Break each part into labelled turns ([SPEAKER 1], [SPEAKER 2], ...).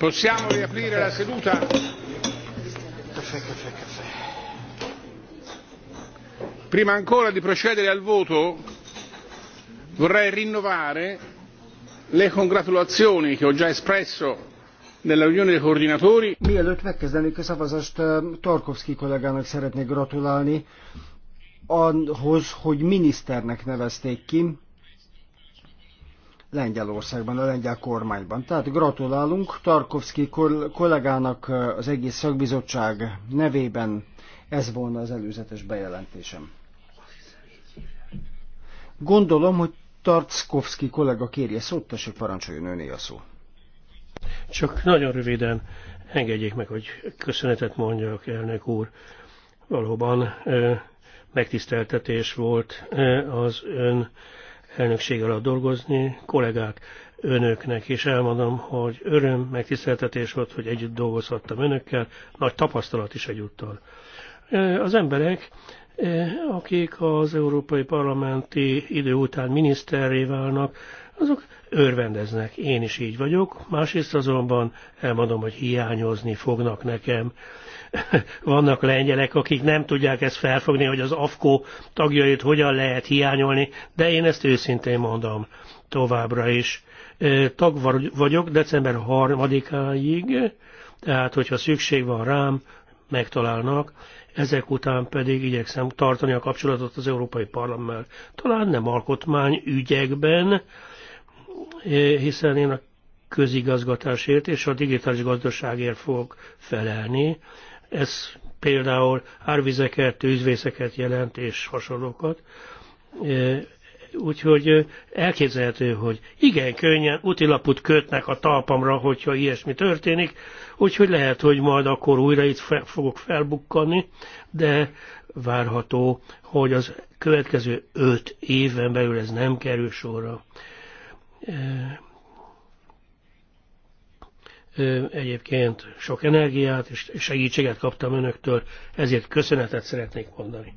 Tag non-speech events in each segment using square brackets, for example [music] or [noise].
[SPEAKER 1] Possiamo riaprire la seduta? Caffè, caffè, caffè. Prima ancora di procedere al voto vorrei rinnovare le congratulazioni che ho già espresso nella riunione dei coordinatori. Mielőtt
[SPEAKER 2] megkezdenék a szavazást, eh, Tarkovsky kollégának szeretnék gratulálni ahhoz, hogy miniszternek nevezték ki Lengyelországban, a lengyel kormányban. Tehát gratulálunk Tarkovszki kollégának az egész szakbizottság nevében. Ez volna az előzetes bejelentésem. Gondolom, hogy Tarkovszki kollega kérje szót,
[SPEAKER 1] tessék parancsoljon öné a szó. Csak nagyon röviden engedjék meg, hogy köszönetet mondjak, elnök úr. Valóban megtiszteltetés volt az ön elnökség alatt dolgozni. Kollégák, önöknek is elmondom, hogy öröm, megtiszteltetés volt, hogy együtt dolgozhattam önökkel, nagy tapasztalat is egyúttal. Az emberek, akik az Európai Parlamenti idő után miniszterré válnak, azok örvendeznek, én is így vagyok, másrészt azonban elmondom, hogy hiányozni fognak nekem vannak lengyelek, akik nem tudják ezt felfogni, hogy az AFKO tagjait hogyan lehet hiányolni, de én ezt őszintén mondom továbbra is. Tag vagyok december 3-áig, tehát hogyha szükség van rám, megtalálnak, ezek után pedig igyekszem tartani a kapcsolatot az Európai Parlamenttel. Talán nem alkotmány ügyekben, hiszen én a közigazgatásért és a digitális gazdaságért fogok felelni, ez például árvizeket, tűzvészeket jelent és hasonlókat. E, úgyhogy elképzelhető, hogy igen könnyen utilaput kötnek a talpamra, hogyha ilyesmi történik, úgyhogy lehet, hogy majd akkor újra itt fel, fogok felbukkanni, de várható, hogy az következő öt éven belül ez nem kerül sorra. E, Egyébként sok energiát és segítséget kaptam önöktől, ezért köszönetet szeretnék mondani.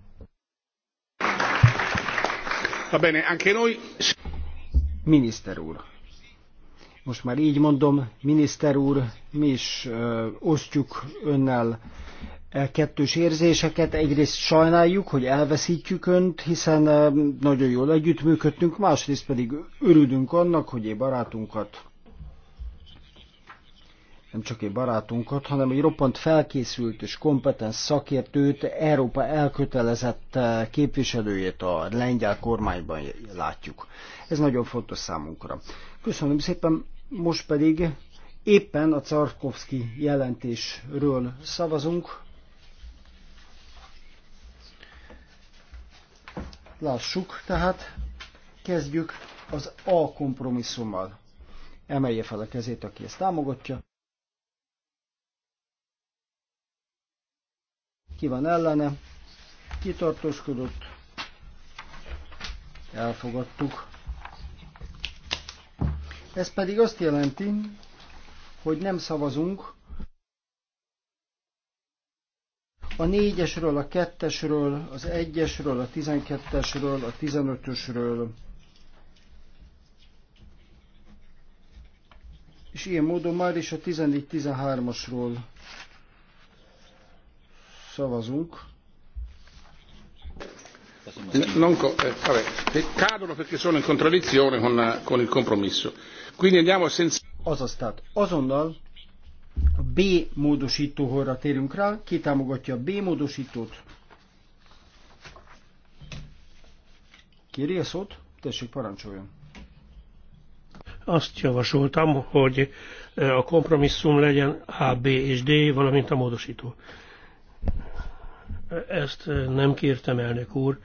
[SPEAKER 2] Miniszter úr, most már így mondom, miniszter úr, mi is ö, osztjuk önnel e kettős érzéseket. Egyrészt sajnáljuk, hogy elveszítjük önt, hiszen ö, nagyon jól együttműködtünk, másrészt pedig örülünk annak, hogy egy barátunkat nem csak egy barátunkat, hanem egy roppant felkészült és kompetens szakértőt, Európa elkötelezett eh, képviselőjét a lengyel kormányban látjuk. Ez nagyon fontos számunkra. Köszönöm szépen, most pedig éppen a Czarkovszki jelentésről szavazunk. Lássuk, tehát kezdjük az A kompromisszummal. Emelje fel a kezét, aki ezt támogatja. ki van ellene, kitartóskodott, elfogadtuk. Ez pedig azt jelenti, hogy nem szavazunk a négyesről, a kettesről, az egyesről, a tizenkettesről, a tizenötösről, és ilyen módon már is a 14-13-asról Szavazunk. Non co- eh, vabbè,
[SPEAKER 1] che cadono perché sono in contraddizione con, la, con il compromesso.
[SPEAKER 2] Quindi andiamo senza... Azaz, tehát azonnal a B módosítóhorra térünk rá. Ki támogatja a B módosítót? Kéri a szót? Tessék, parancsoljon.
[SPEAKER 1] Azt javasoltam, hogy eh, a kompromisszum legyen A, B és D, valamint a módosító. Ezt eh, nem kértem, elnök úr.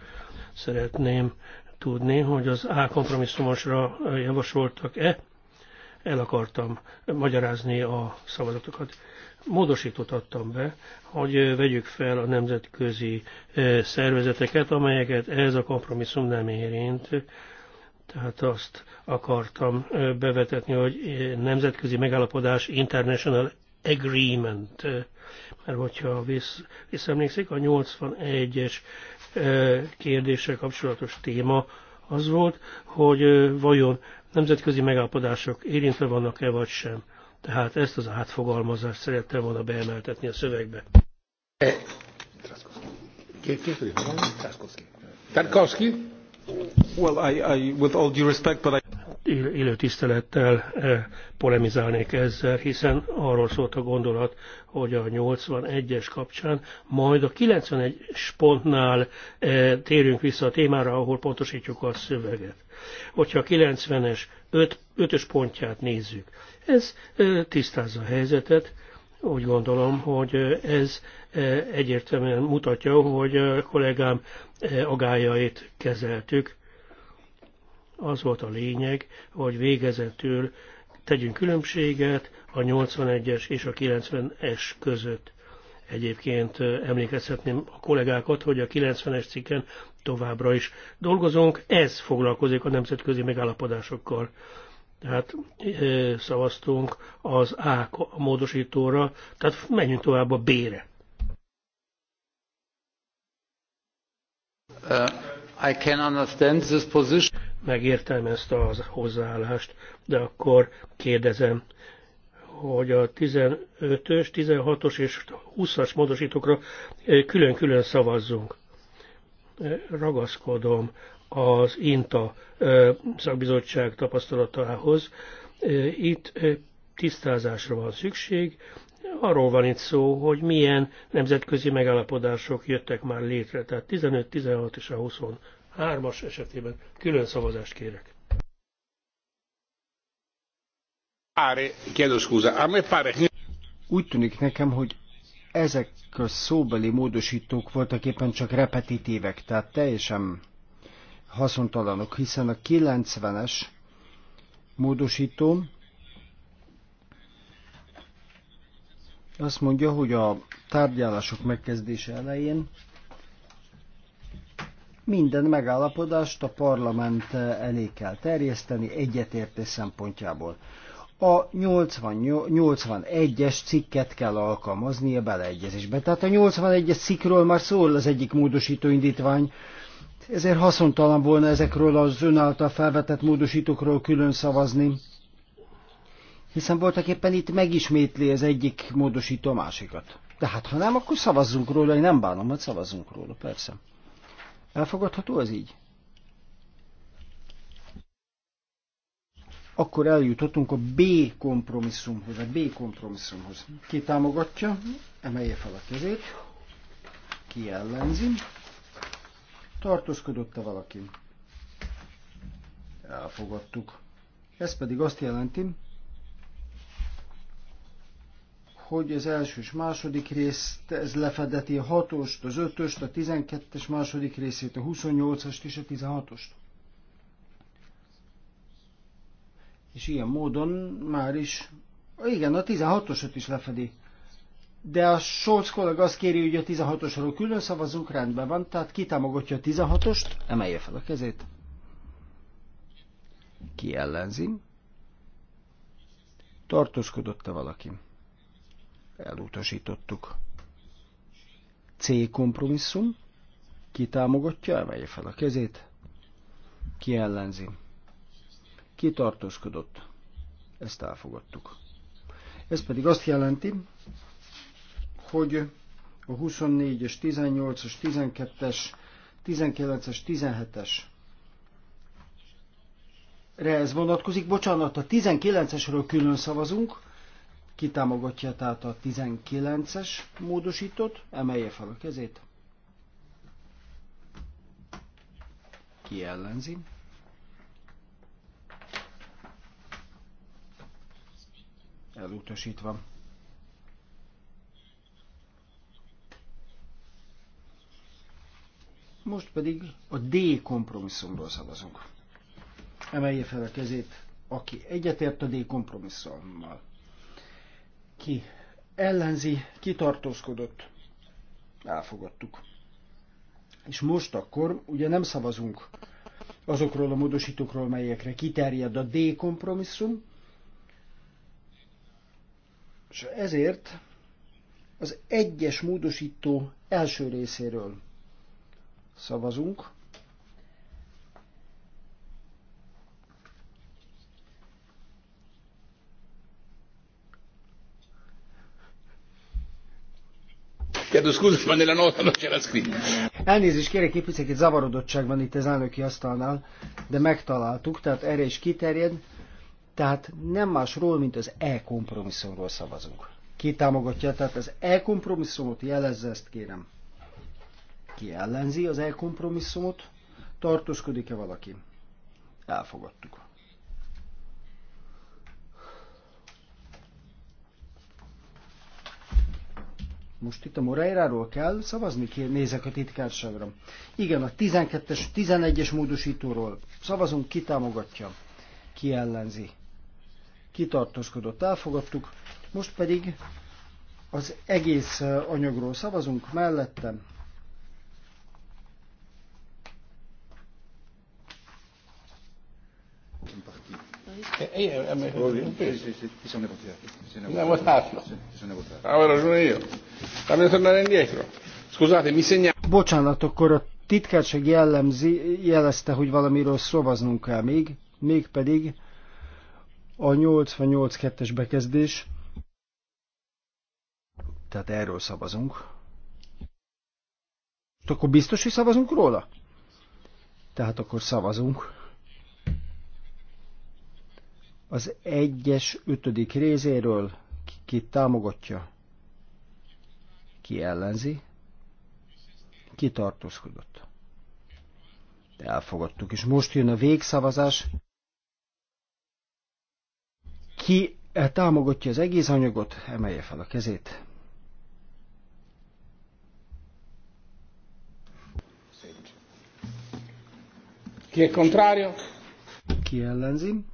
[SPEAKER 1] Szeretném tudni, hogy az A kompromisszumosra eh, javasoltak-e. El akartam magyarázni a szavazatokat. Módosítót adtam be, hogy eh, vegyük fel a nemzetközi szervezeteket, amelyeket ez a kompromisszum nem érint. Tehát azt akartam bevetetni, hogy nemzetközi megállapodás International agreement, mert hogyha visz, visszaemlékszik, a 81-es kérdéssel kapcsolatos téma az volt, hogy vajon nemzetközi megállapodások érintve vannak-e vagy sem. Tehát ezt az átfogalmazást szerettem volna beemeltetni a szövegbe. Eh, Tarkovsky? Well, I, I, with all due respect, but I élő tisztelettel eh, polemizálnék ezzel, hiszen arról szólt a gondolat, hogy a 81-es kapcsán, majd a 91 pontnál eh, térünk vissza a témára, ahol pontosítjuk a szöveget. Hogyha a 90-es 5, 5-ös pontját nézzük, ez eh, tisztázza a helyzetet, úgy gondolom, hogy ez egyértelműen mutatja, hogy a kollégám agájait kezeltük az volt a lényeg, hogy végezetül tegyünk különbséget a 81-es és a 90-es között. Egyébként emlékezhetném a kollégákat, hogy a 90-es cikken továbbra is dolgozunk, ez foglalkozik a nemzetközi megállapodásokkal. Tehát szavaztunk az A módosítóra, tehát menjünk tovább a B-re. Uh, I can understand this position megértem ezt a hozzáállást, de akkor kérdezem, hogy a 15-ös, 16-os és 20-as módosítókra külön-külön szavazzunk. Ragaszkodom az INTA szakbizottság tapasztalatához. Itt tisztázásra van szükség. Arról van itt szó, hogy milyen nemzetközi megállapodások jöttek már létre, tehát 15, 16 és a 20 hármas esetében külön szavazást kérek.
[SPEAKER 2] Úgy tűnik nekem, hogy ezek a szóbeli módosítók voltak éppen csak repetitívek, tehát teljesen haszontalanok, hiszen a 90-es módosító azt mondja, hogy a tárgyalások megkezdése elején minden megállapodást a parlament eh, elé kell terjeszteni egyetértés szempontjából. A 81-es cikket kell alkalmazni a beleegyezésbe. Tehát a 81-es cikkről már szól az egyik módosító indítvány, ezért haszontalan volna ezekről az ön által felvetett módosítókról külön szavazni, hiszen voltak éppen itt megismétli az egyik módosító a másikat. De hát ha nem, akkor szavazzunk róla, én nem bánom, hogy szavazzunk róla, persze. Elfogadható az így? Akkor eljutottunk a B kompromisszumhoz, a B kompromisszumhoz. Ki támogatja? Emelje fel a kezét. Ki ellenzi? Tartózkodott-e valaki? Elfogadtuk. Ez pedig azt jelenti, hogy az első és második részt ez lefedeti a hatost, az ötöst, a tizenkettes második részét, a 28-ast és a 16-ost. És ilyen módon már is, igen, a 16 is lefedi. De a Scholz kollega azt kéri, hogy a 16-osról külön szavazzunk, rendben van, tehát kitámogatja a 16-ost, emelje fel a kezét. Ki ellenzi? Tartózkodott-e valaki? elutasítottuk. C kompromisszum, ki támogatja, emelje fel a kezét, ki ellenzi, ki tartózkodott, ezt elfogadtuk. Ez pedig azt jelenti, hogy a 24-es, 18-as, 12-es, 19-es, 17-es re ez vonatkozik. Bocsánat, a 19-esről külön szavazunk, kitámogatja tehát a 19-es módosítót, emelje fel a kezét. Ki ellenzi? Elutasítva. Most pedig a D kompromisszumról szavazunk. Emelje fel a kezét, aki egyetért a D kompromisszummal ki ellenzi, kitartózkodott. Elfogadtuk. És most akkor ugye nem szavazunk azokról a módosítókról, melyekre kiterjed a D kompromisszum, és ezért az egyes módosító első részéről szavazunk,
[SPEAKER 3] Chiedo scusa, ma nella nota non c'era scritto.
[SPEAKER 2] Elnézést kérek, egy picit zavarodottság van itt az elnöki asztalnál, de megtaláltuk, tehát erre is kiterjed. Tehát nem másról, mint az e-kompromisszumról szavazunk. Ki támogatja, tehát az e-kompromisszumot jelezze, ezt kérem. Ki ellenzi az e-kompromisszumot? Tartózkodik-e valaki? Elfogadtuk. Most itt a Moreira-ról kell szavazni, kér, nézek a titkárságra. Igen, a 12-es, 11-es módosítóról szavazunk, ki támogatja, ki ellenzi. Kitartózkodott, elfogadtuk. Most pedig az egész anyagról szavazunk, mellettem Bisogna Avevo ragione io. Fammi tornare indietro. Scusate, mi segnalo. Bocsánat, akkor a titkárság jellemzi, jelezte, hogy valamiről szavaznunk kell még, mégpedig a 2 es bekezdés. Tehát erről szavazunk. akkor biztos, hogy szavazunk róla? Tehát akkor szavazunk az egyes ötödik részéről ki, ki támogatja, ki ellenzi, ki tartózkodott. Elfogadtuk, és most jön a végszavazás. Ki eh, támogatja az egész anyagot, emelje fel a kezét. Ki è contrario? Ki ellenzi?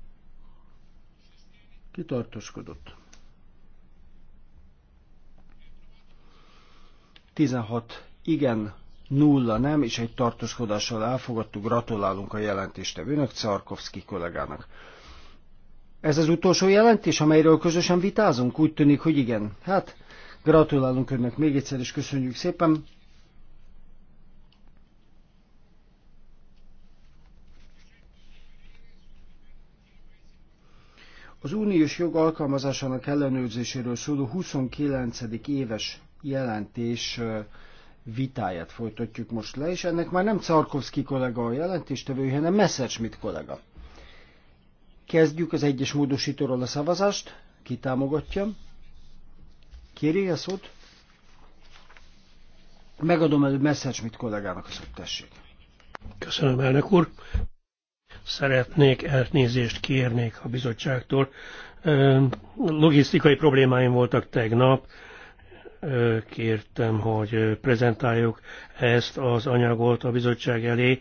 [SPEAKER 2] Kitartoskodott. 16 igen, nulla nem, és egy tartoskodással elfogadtuk. Gratulálunk a jelentéstevőnök, Czarkovszki kollégának. Ez az utolsó jelentés, amelyről közösen vitázunk? Úgy tűnik, hogy igen. Hát, gratulálunk önnek még egyszer, és köszönjük szépen. Az uniós jog alkalmazásának ellenőrzéséről szóló 29. éves jelentés vitáját folytatjuk most le, és ennek már nem Czarkovszki kollega a jelentéstevő, hanem Messerschmidt kollega. Kezdjük az egyes módosítóról a szavazást. Ki támogatja? Kéri a szót? Megadom előbb Messerschmidt kollégának a szót, tessék.
[SPEAKER 1] Köszönöm, elnök úr szeretnék elnézést kérnék a bizottságtól. Logisztikai problémáim voltak tegnap, kértem, hogy prezentáljuk ezt az anyagot a bizottság elé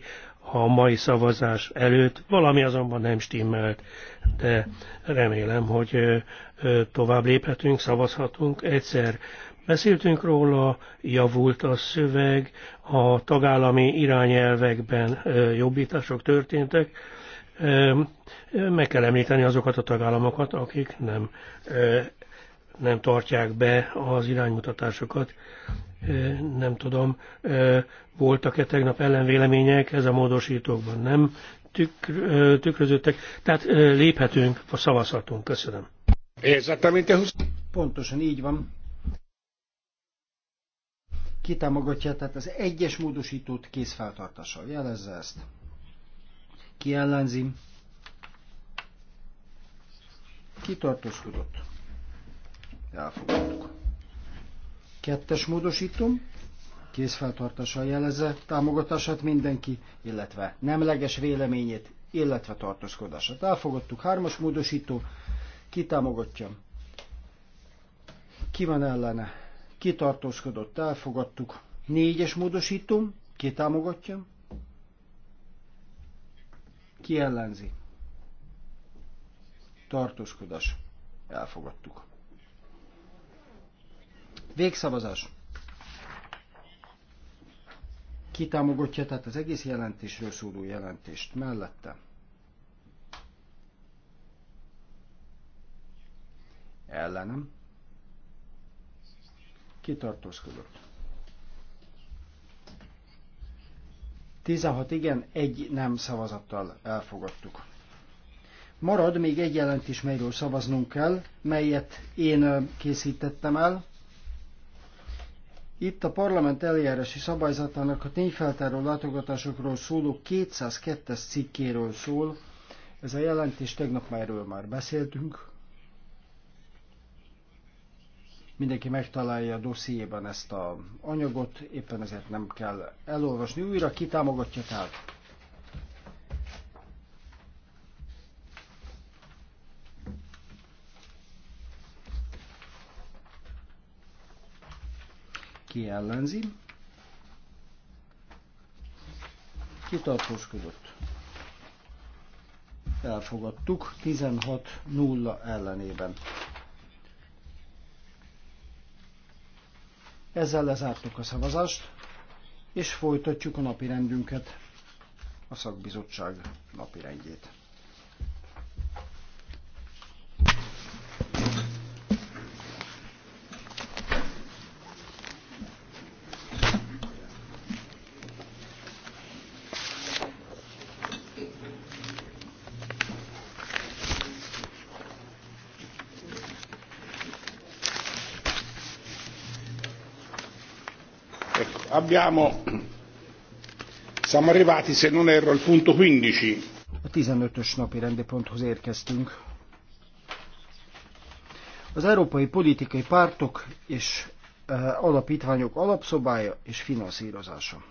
[SPEAKER 1] a mai szavazás előtt. Valami azonban nem stimmelt, de remélem, hogy tovább léphetünk, szavazhatunk egyszer. Beszéltünk róla, javult a szöveg, a tagállami irányelvekben jobbítások történtek, meg kell említeni azokat a tagállamokat, akik nem, nem tartják be az iránymutatásokat. Nem tudom, voltak-e tegnap ellenvélemények, ez a módosítókban nem tükr, tükröződtek. Tehát léphetünk, a szavazhatunk. Köszönöm.
[SPEAKER 2] Pontosan így van. Kitámogatja, tehát az egyes módosítót feltartással jelezze ezt. Ki ellenzi? Ki tartózkodott? Elfogadtuk. Kettes módosítom. Kézfeltartással jelezze támogatását mindenki, illetve nemleges véleményét, illetve tartózkodását. Elfogadtuk. Hármas módosító. Ki támogatja? Ki van ellene? Ki tartózkodott? Elfogadtuk. Négyes módosítom, Ki támogatja? Ki ellenzi? Tartoskodás. Elfogadtuk. Végszavazás. Ki támogatja tehát az egész jelentésről szóló jelentést mellette? Ellenem. tartózkodott? 16 igen, egy nem szavazattal elfogadtuk. Marad még egy jelentés, melyről szavaznunk kell, melyet én készítettem el. Itt a parlament eljárási szabályzatának a tényfeltáró látogatásokról szóló 202-es cikkéről szól. Ez a jelentés tegnap már erről már beszéltünk. Mindenki megtalálja a dossziéban ezt a anyagot, éppen ezért nem kell elolvasni újra, ki támogatja tehát. Ki ellenzi? Ki tartózkodott? elfogadtuk 16-0 ellenében. Ezzel lezártuk a szavazást, és folytatjuk a napi rendünket, a szakbizottság napi rendjét. abbiamo siamo arrivati se non
[SPEAKER 1] erro al punto 15
[SPEAKER 2] a 15-ös napi rendeponthoz érkeztünk az európai politikai pártok és eh, alapítványok alapszobája és finanszírozása.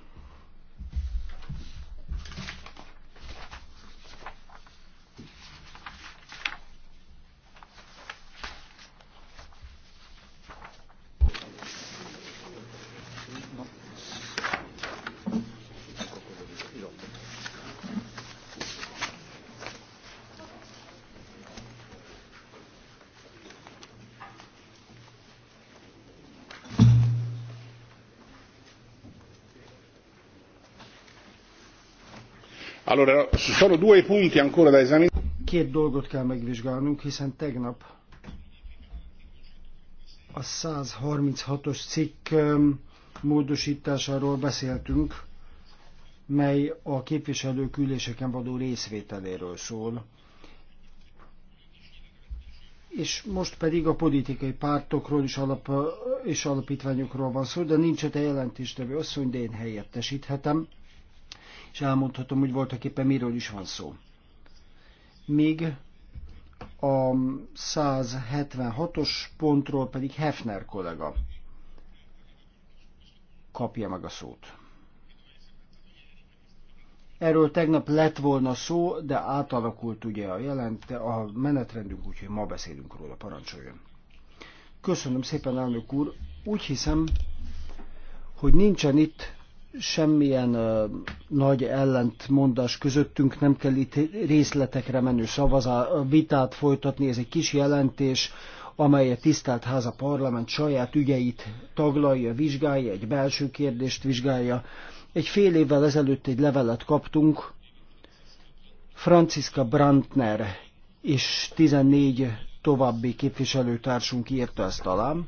[SPEAKER 2] Két dolgot kell megvizsgálnunk, hiszen tegnap a 136-os cikk módosításáról beszéltünk, mely a képviselők üléseken való részvételéről szól. És most pedig a politikai pártokról is alap, és alapítványokról van szó, de nincs a te jelentéstevő asszony, de én helyettesíthetem és elmondhatom, hogy voltak éppen miről is van szó. Míg a 176-os pontról pedig Hefner kollega kapja meg a szót. Erről tegnap lett volna szó, de átalakult ugye a, jelent, a menetrendünk, úgyhogy ma beszélünk róla, parancsoljon. Köszönöm szépen, elnök úr. Úgy hiszem, hogy nincsen itt semmilyen ö, nagy ellentmondás közöttünk, nem kell itt részletekre menő szavazá, vitát folytatni, ez egy kis jelentés, amely a tisztelt háza parlament saját ügyeit taglalja, vizsgálja, egy belső kérdést vizsgálja. Egy fél évvel ezelőtt egy levelet kaptunk, Franciska Brandner és 14 további képviselőtársunk írta ezt alám,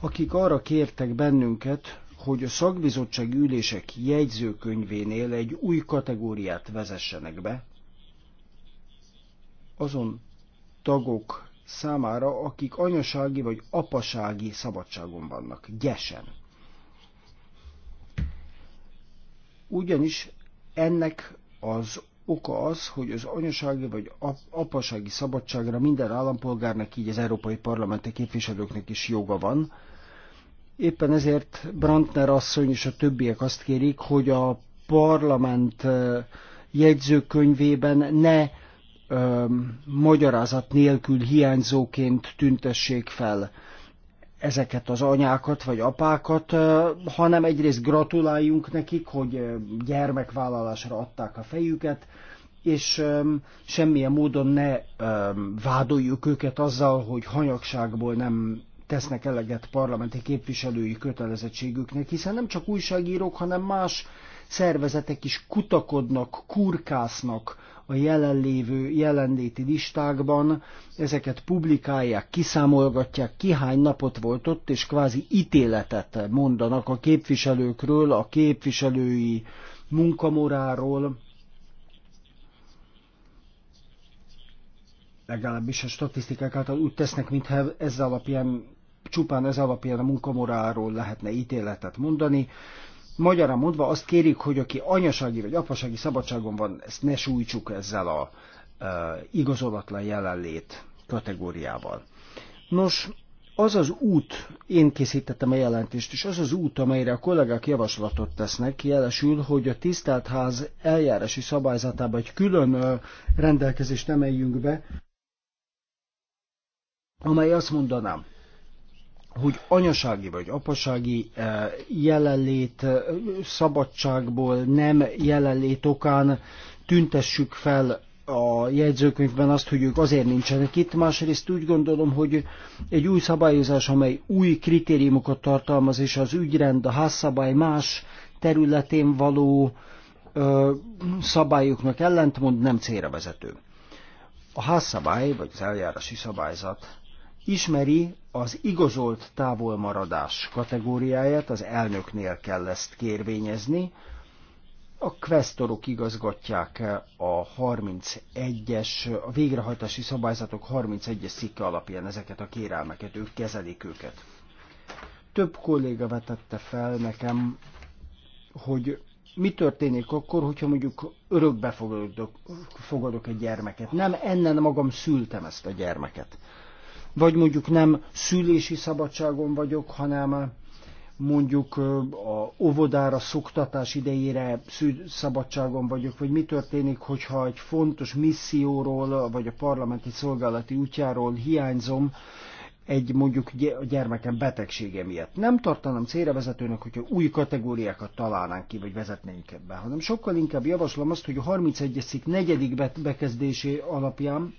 [SPEAKER 2] akik arra kértek bennünket, hogy a szakbizottság ülések jegyzőkönyvénél egy új kategóriát vezessenek be, azon tagok számára, akik anyasági vagy apasági szabadságon vannak, gyesen. Ugyanis ennek az oka az, hogy az anyasági vagy apasági szabadságra minden állampolgárnak, így az Európai Parlamenti képviselőknek is joga van, Éppen ezért Brandner asszony és a többiek azt kérik, hogy a parlament jegyzőkönyvében ne ö, magyarázat nélkül hiányzóként tüntessék fel ezeket az anyákat vagy apákat, hanem egyrészt gratuláljunk nekik, hogy gyermekvállalásra adták a fejüket, és semmilyen módon ne vádoljuk őket azzal, hogy hanyagságból nem tesznek eleget parlamenti képviselői kötelezettségüknek, hiszen nem csak újságírók, hanem más szervezetek is kutakodnak, kurkásznak a jelenlévő jelenléti listákban, ezeket publikálják, kiszámolgatják, ki hány napot volt ott, és kvázi ítéletet mondanak a képviselőkről, a képviselői munkamoráról, legalábbis a statisztikák által úgy tesznek, mintha ez alapján csupán ez alapján a munkamoráról lehetne ítéletet mondani. Magyarán mondva azt kérik, hogy aki anyasági vagy apasági szabadságon van, ezt ne sújtsuk ezzel a e, igazolatlan jelenlét kategóriával. Nos, az az út, én készítettem a jelentést, és az az út, amelyre a kollégák javaslatot tesznek, jelesül, hogy a tisztelt ház eljárási szabályzatába egy külön e, rendelkezést emeljünk be, amely azt mondanám, hogy anyasági vagy apasági eh, jelenlét eh, szabadságból nem jelenlét okán tüntessük fel a jegyzőkönyvben azt, hogy ők azért nincsenek itt. Másrészt úgy gondolom, hogy egy új szabályozás, amely új kritériumokat tartalmaz, és az ügyrend, a házszabály más területén való ö, szabályoknak ellentmond, nem célra vezető. A házszabály, vagy az eljárási szabályzat ismeri az igazolt távolmaradás kategóriáját, az elnöknél kell ezt kérvényezni, a questorok igazgatják a 31-es, a végrehajtási szabályzatok 31-es szikke alapján ezeket a kérelmeket, ők kezelik őket. Több kolléga vetette fel nekem, hogy mi történik akkor, hogyha mondjuk örökbe fogadok, fogadok egy gyermeket. Nem, ennen magam szültem ezt a gyermeket vagy mondjuk nem szülési szabadságon vagyok, hanem eh, mondjuk eh, a óvodára, szoktatás idejére szabadságon vagyok, vagy mi történik, hogyha egy fontos misszióról, vagy a parlamenti szolgálati útjáról hiányzom, egy mondjuk a gyermekem betegsége miatt. Nem tartanám célra vezetőnek, hogyha új kategóriákat találnánk ki, vagy vezetnénk ebbe, hanem sokkal inkább javaslom azt, hogy a 31. cikk negyedik bekezdésé alapján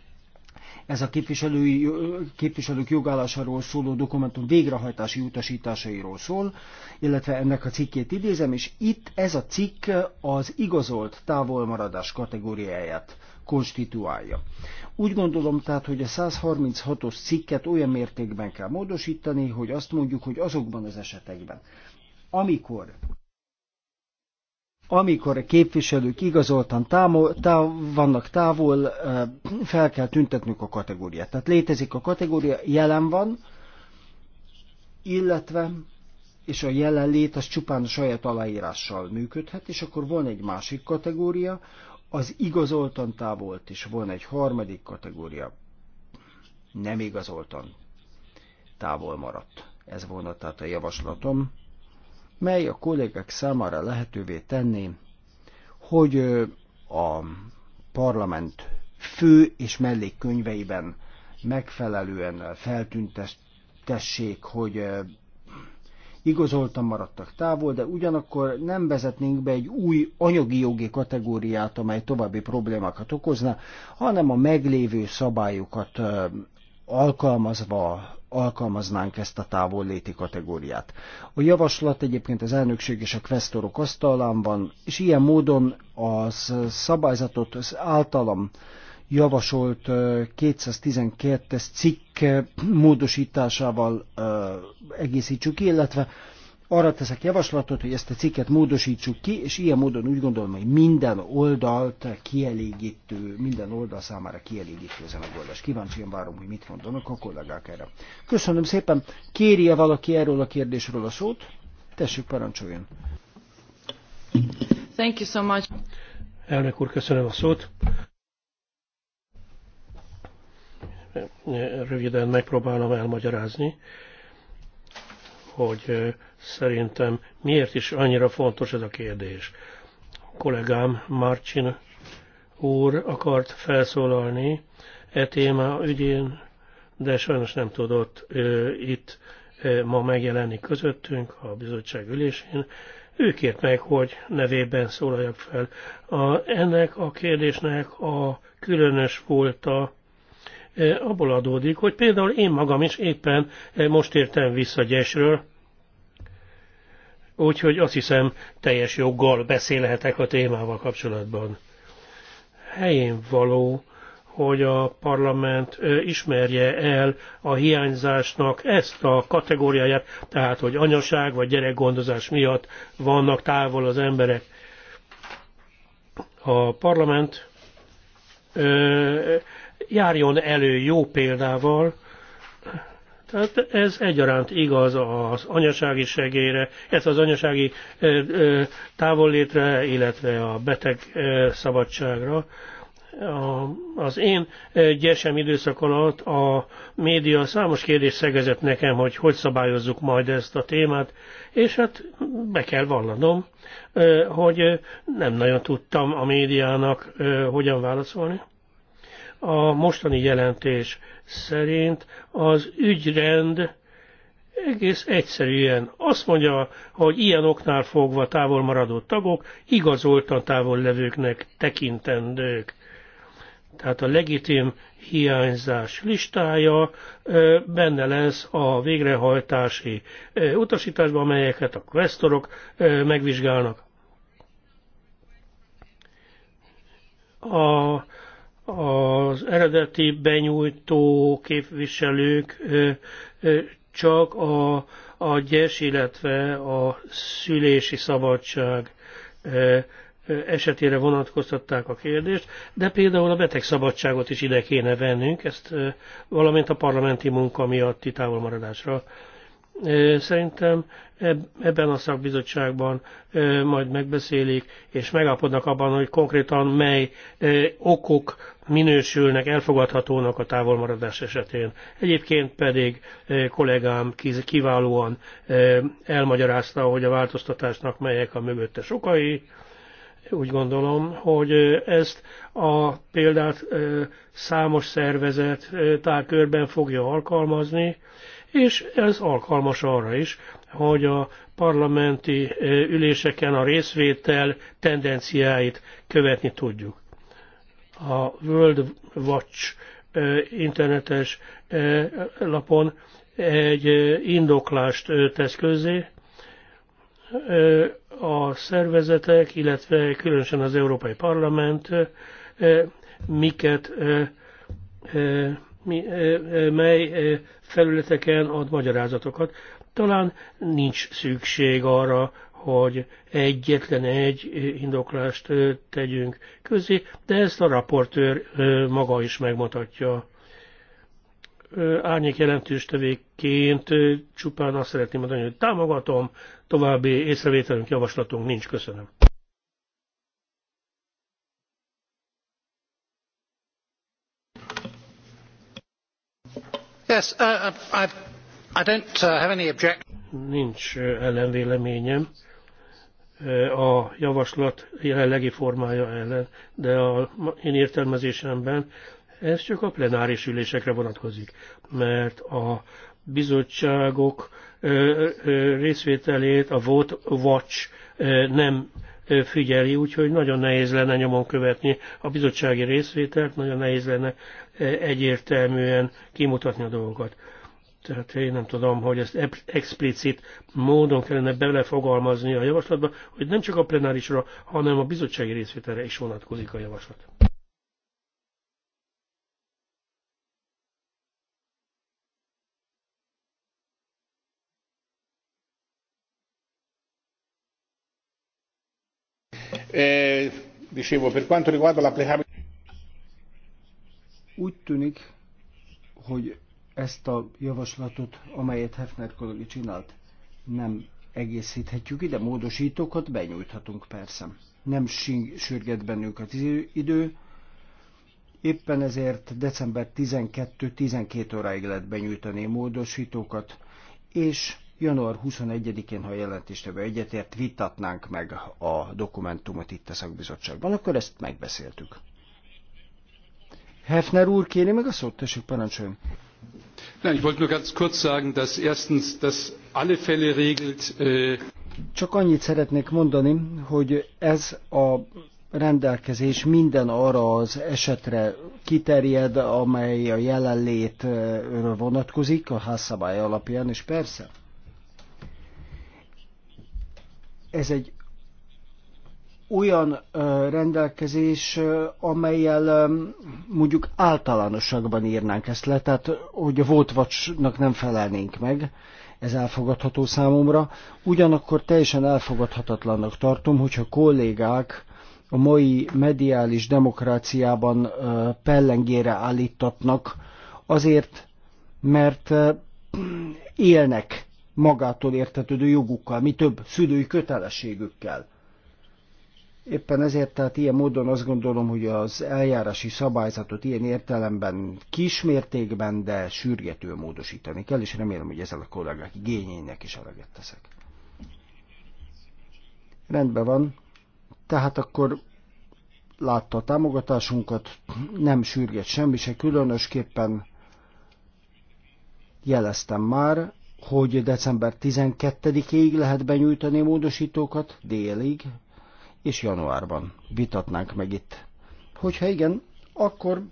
[SPEAKER 2] ez a képviselői, képviselők jogállásáról szóló dokumentum végrehajtási utasításairól szól, illetve ennek a cikkét idézem, és itt ez a cikk az igazolt távolmaradás kategóriáját konstituálja. Úgy gondolom tehát, hogy a 136-os cikket olyan mértékben kell módosítani, hogy azt mondjuk, hogy azokban az esetekben, amikor amikor a képviselők igazoltan távol, táv, vannak távol, fel kell tüntetnünk a kategóriát. Tehát létezik a kategória, jelen van, illetve és a jelenlét az csupán a saját aláírással működhet, és akkor van egy másik kategória, az igazoltan távolt, és van egy harmadik kategória, nem igazoltan távol maradt. Ez volna tehát a javaslatom mely a kollégák számára lehetővé tenni, hogy a parlament fő és mellékkönyveiben megfelelően feltüntessék, hogy igazoltan maradtak távol, de ugyanakkor nem vezetnénk be egy új anyagi jogi kategóriát, amely további problémákat okozna, hanem a meglévő szabályokat alkalmazva alkalmaznánk ezt a távolléti kategóriát. A javaslat egyébként az elnökség és a kvesztorok asztalán van, és ilyen módon az szabályzatot az általam javasolt 212-es cikk módosításával egészítsük, illetve arra teszek javaslatot, hogy ezt a cikket módosítsuk ki, és ilyen módon úgy gondolom, hogy minden oldalt kielégítő, minden oldal számára kielégítő ez a megoldás. én várom, hogy mit mondanak a kollégák erre. Köszönöm szépen. Kéri -e valaki erről a kérdésről a szót? Tessék, parancsoljon. Thank you so
[SPEAKER 1] much. Elnök úr, köszönöm a szót. Röviden megpróbálom elmagyarázni, hogy szerintem miért is annyira fontos ez a kérdés. A kollégám Marcin úr akart felszólalni e téma ügyén, de sajnos nem tudott ő, itt ma megjelenni közöttünk a bizottság ülésén. Ő kért meg, hogy nevében szólaljak fel. A, ennek a kérdésnek a különös volta abból adódik, hogy például én magam is éppen most értem vissza Gyesről, úgyhogy azt hiszem teljes joggal beszélhetek a témával kapcsolatban. Helyén való, hogy a parlament ismerje el a hiányzásnak ezt a kategóriáját, tehát hogy anyaság vagy gyerekgondozás miatt vannak távol az emberek. A parlament járjon elő jó példával, tehát ez egyaránt igaz az anyasági segélyre, ez az anyasági távollétre, illetve a beteg szabadságra. Az én gyesem időszak alatt a média számos kérdés szegezett nekem, hogy hogy szabályozzuk majd ezt a témát, és hát be kell vallanom, hogy nem nagyon tudtam a médiának hogyan válaszolni. A mostani jelentés szerint az ügyrend egész egyszerűen azt mondja, hogy ilyen oknál fogva távol maradó tagok igazoltan távol levőknek tekintendők. Tehát a legitim hiányzás listája benne lesz a végrehajtási utasításban, amelyeket a questorok megvizsgálnak. A, az eredeti benyújtó képviselők csak a, a gyes, illetve a szülési szabadság esetére vonatkoztatták a kérdést, de például a betegszabadságot is ide kéne vennünk, ezt valamint a parlamenti munka miatti távolmaradásra Szerintem ebben a szakbizottságban majd megbeszélik, és megállapodnak abban, hogy konkrétan mely okok minősülnek elfogadhatónak a távolmaradás esetén. Egyébként pedig kollégám kiválóan elmagyarázta, hogy a változtatásnak melyek a mögöttes okai. Úgy gondolom, hogy ezt a példát számos szervezet tárkörben fogja alkalmazni, és ez alkalmas arra is, hogy a parlamenti üléseken a részvétel tendenciáit követni tudjuk. A World Watch internetes lapon egy indoklást tesz közzé, a szervezetek, illetve különösen az Európai Parlament miket mely felületeken ad magyarázatokat. Talán nincs szükség arra, hogy egyetlen egy indoklást tegyünk közé, de ezt a raportőr maga is megmutatja. Árnyék jelentős tevékként csupán azt szeretném mondani, hogy támogatom, további észrevételünk, javaslatunk nincs, köszönöm. Nincs ellenvéleményem a javaslat jelenlegi formája ellen, de a én értelmezésemben ez csak a plenáris ülésekre vonatkozik, mert a bizottságok uh, uh, részvételét a Vote Watch uh, nem figyeli, úgyhogy nagyon nehéz lenne nyomon követni a bizottsági részvételt, nagyon nehéz lenne egyértelműen kimutatni a dolgokat. Tehát én nem tudom, hogy ezt explicit módon kellene belefogalmazni a javaslatba, hogy nem csak a plenárisra, hanem a bizottsági részvételre is vonatkozik a javaslat. Eh, dicevo, per quanto riguarda l'applicabilità
[SPEAKER 2] úgy tűnik, hogy ezt a javaslatot, amelyet Hefner kollégi csinált, nem egészíthetjük ide, módosítókat benyújthatunk persze. Nem sürget bennünk az idő, éppen ezért december 12-12 óráig lehet benyújtani a módosítókat, és január 21-én, ha jelentéstebe egyetért, vitatnánk meg a dokumentumot itt a szakbizottságban, akkor ezt megbeszéltük. Hefner úr, kéri meg a szót, tessék parancsoljon.
[SPEAKER 1] Nem, ich wollte nur ganz kurz sagen, dass erstens das alle Fälle regelt. Äh,
[SPEAKER 2] Csak annyit szeretnék mondani, hogy ez a rendelkezés minden arra az esetre kiterjed, amely a jelenlétről vonatkozik a házszabály alapján, és persze ez egy olyan rendelkezés, amelyel mondjuk általánosakban írnánk ezt le, tehát hogy a volt vacsnak nem felelnénk meg, ez elfogadható számomra. Ugyanakkor teljesen elfogadhatatlannak tartom, hogyha kollégák a mai mediális demokráciában pellengére állítatnak, azért, mert élnek magától értetődő jogukkal, mi több szülői kötelességükkel Éppen ezért tehát ilyen módon azt gondolom, hogy az eljárási szabályzatot ilyen értelemben kismértékben, de sürgető módosítani kell, és remélem, hogy ezzel a kollégák igényének is eleget teszek. Rendben van. Tehát akkor látta a támogatásunkat, nem sürget semmi se, különösképpen jeleztem már, hogy december 12-ig lehet benyújtani módosítókat, délig, és januárban vitatnánk meg itt. Hogyha igen, akkor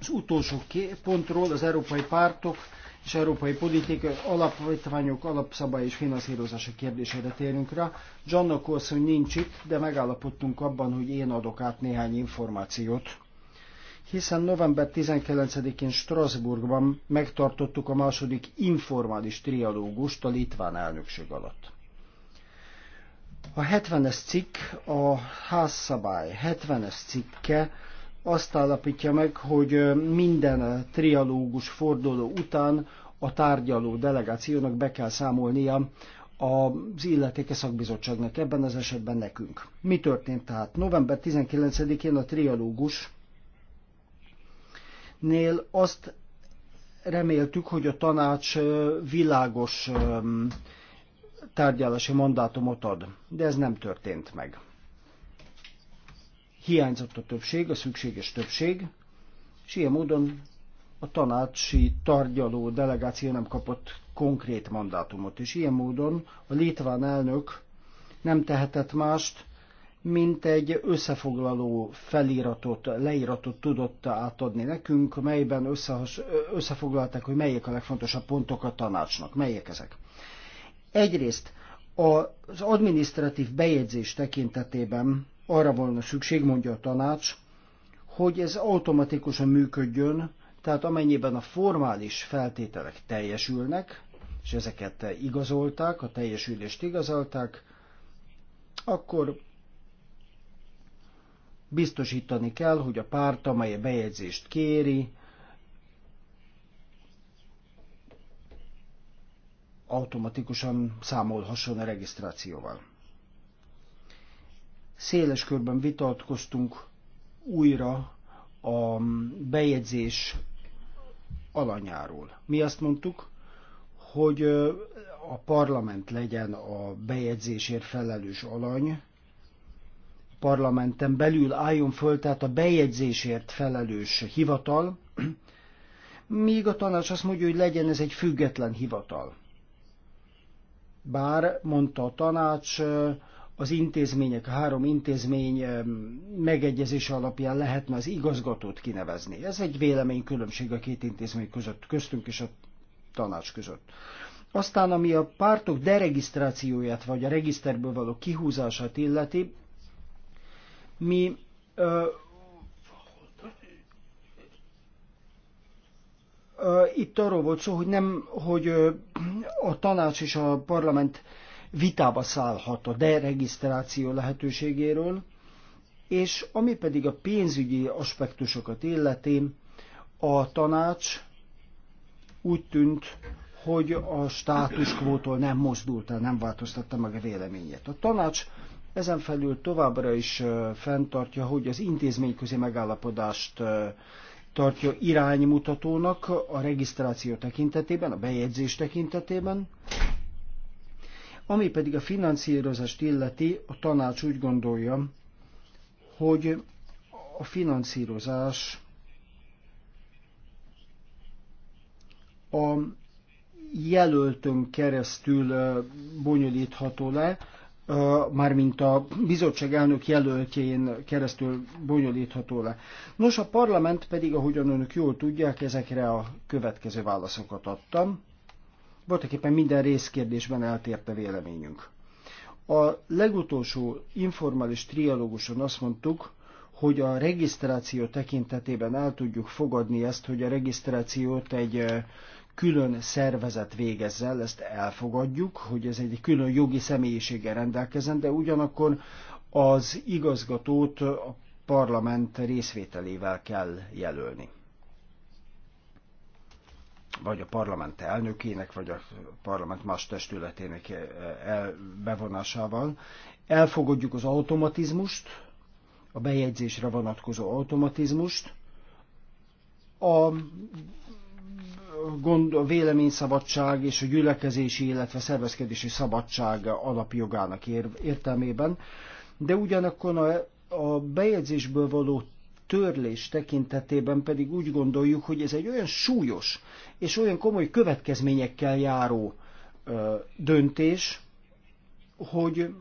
[SPEAKER 2] az utolsó pontról az európai pártok és európai politikai alapítványok alapszabály és finanszírozása kérdésére térünk rá. Gianna Corson nincs itt, de megállapodtunk abban, hogy én adok át néhány információt. Hiszen november 19-én Strasbourgban megtartottuk a második informális trialógust a litván elnökség alatt. A 70-es cikk, a házszabály 70-es cikke azt állapítja meg, hogy minden trialógus forduló után a tárgyaló delegációnak be kell számolnia az illetéke szakbizottságnak, ebben az esetben nekünk. Mi történt tehát? November 19-én a trialógus nél azt reméltük, hogy a tanács világos tárgyalási mandátumot ad, de ez nem történt meg. Hiányzott a többség, a szükséges többség, és ilyen módon a tanácsi tárgyaló delegáció nem kapott konkrét mandátumot, és ilyen módon a litván elnök nem tehetett mást, mint egy összefoglaló feliratot, leíratot tudott átadni nekünk, melyben összefoglalták, hogy melyek a legfontosabb pontok a tanácsnak. Melyek ezek? Egyrészt az administratív bejegyzés tekintetében arra volna szükség, mondja a tanács, hogy ez automatikusan működjön, tehát amennyiben a formális feltételek teljesülnek, és ezeket igazolták, a teljesülést igazolták, akkor biztosítani kell, hogy a párt, amely a bejegyzést kéri, automatikusan számolhasson a regisztrációval. Széles körben vitatkoztunk újra a bejegyzés alanyáról. Mi azt mondtuk, hogy a parlament legyen a bejegyzésért felelős alany, parlamenten belül álljon föl, tehát a bejegyzésért felelős hivatal, míg a tanács azt mondja, hogy legyen ez egy független hivatal bár mondta a tanács, az intézmények, a három intézmény megegyezése alapján lehetne az igazgatót kinevezni. Ez egy véleménykülönbség a két intézmény között, köztünk és a tanács között. Aztán, ami a pártok deregisztrációját, vagy a regiszterből való kihúzását illeti, mi Itt arról volt szó, hogy, nem, hogy a tanács és a parlament vitába szállhat a deregisztráció lehetőségéről, és ami pedig a pénzügyi aspektusokat illeti, a tanács úgy tűnt, hogy a státuskvótól nem mozdult el, nem változtatta meg a véleményét. A tanács ezen felül továbbra is fenntartja, hogy az intézményközi megállapodást tartja iránymutatónak a regisztráció tekintetében, a bejegyzés tekintetében, ami pedig a finanszírozást illeti, a tanács úgy gondolja, hogy a finanszírozás a jelöltön keresztül bonyolítható le, mármint a bizottság elnök jelöltjén keresztül bonyolítható le. Nos, a parlament pedig, ahogyan önök jól tudják, ezekre a következő válaszokat adtam. Voltak éppen minden részkérdésben eltérte véleményünk. A legutolsó informális trialóguson azt mondtuk, hogy a regisztráció tekintetében el tudjuk fogadni ezt, hogy a regisztrációt egy külön szervezet végezzel, ezt elfogadjuk, hogy ez egy külön jogi személyiséggel rendelkezzen, de ugyanakkor az igazgatót a parlament részvételével kell jelölni. Vagy a parlament elnökének, vagy a parlament más testületének eh, bevonásával. Elfogadjuk az automatizmust, a bejegyzésre vonatkozó automatizmust, a gond, a véleményszabadság és a gyülekezési, illetve szervezkedési szabadság alapjogának ér, értelmében, de ugyanakkor a, a bejegyzésből való törlés tekintetében pedig úgy gondoljuk, hogy ez egy olyan súlyos és olyan komoly következményekkel járó ö, döntés, hogy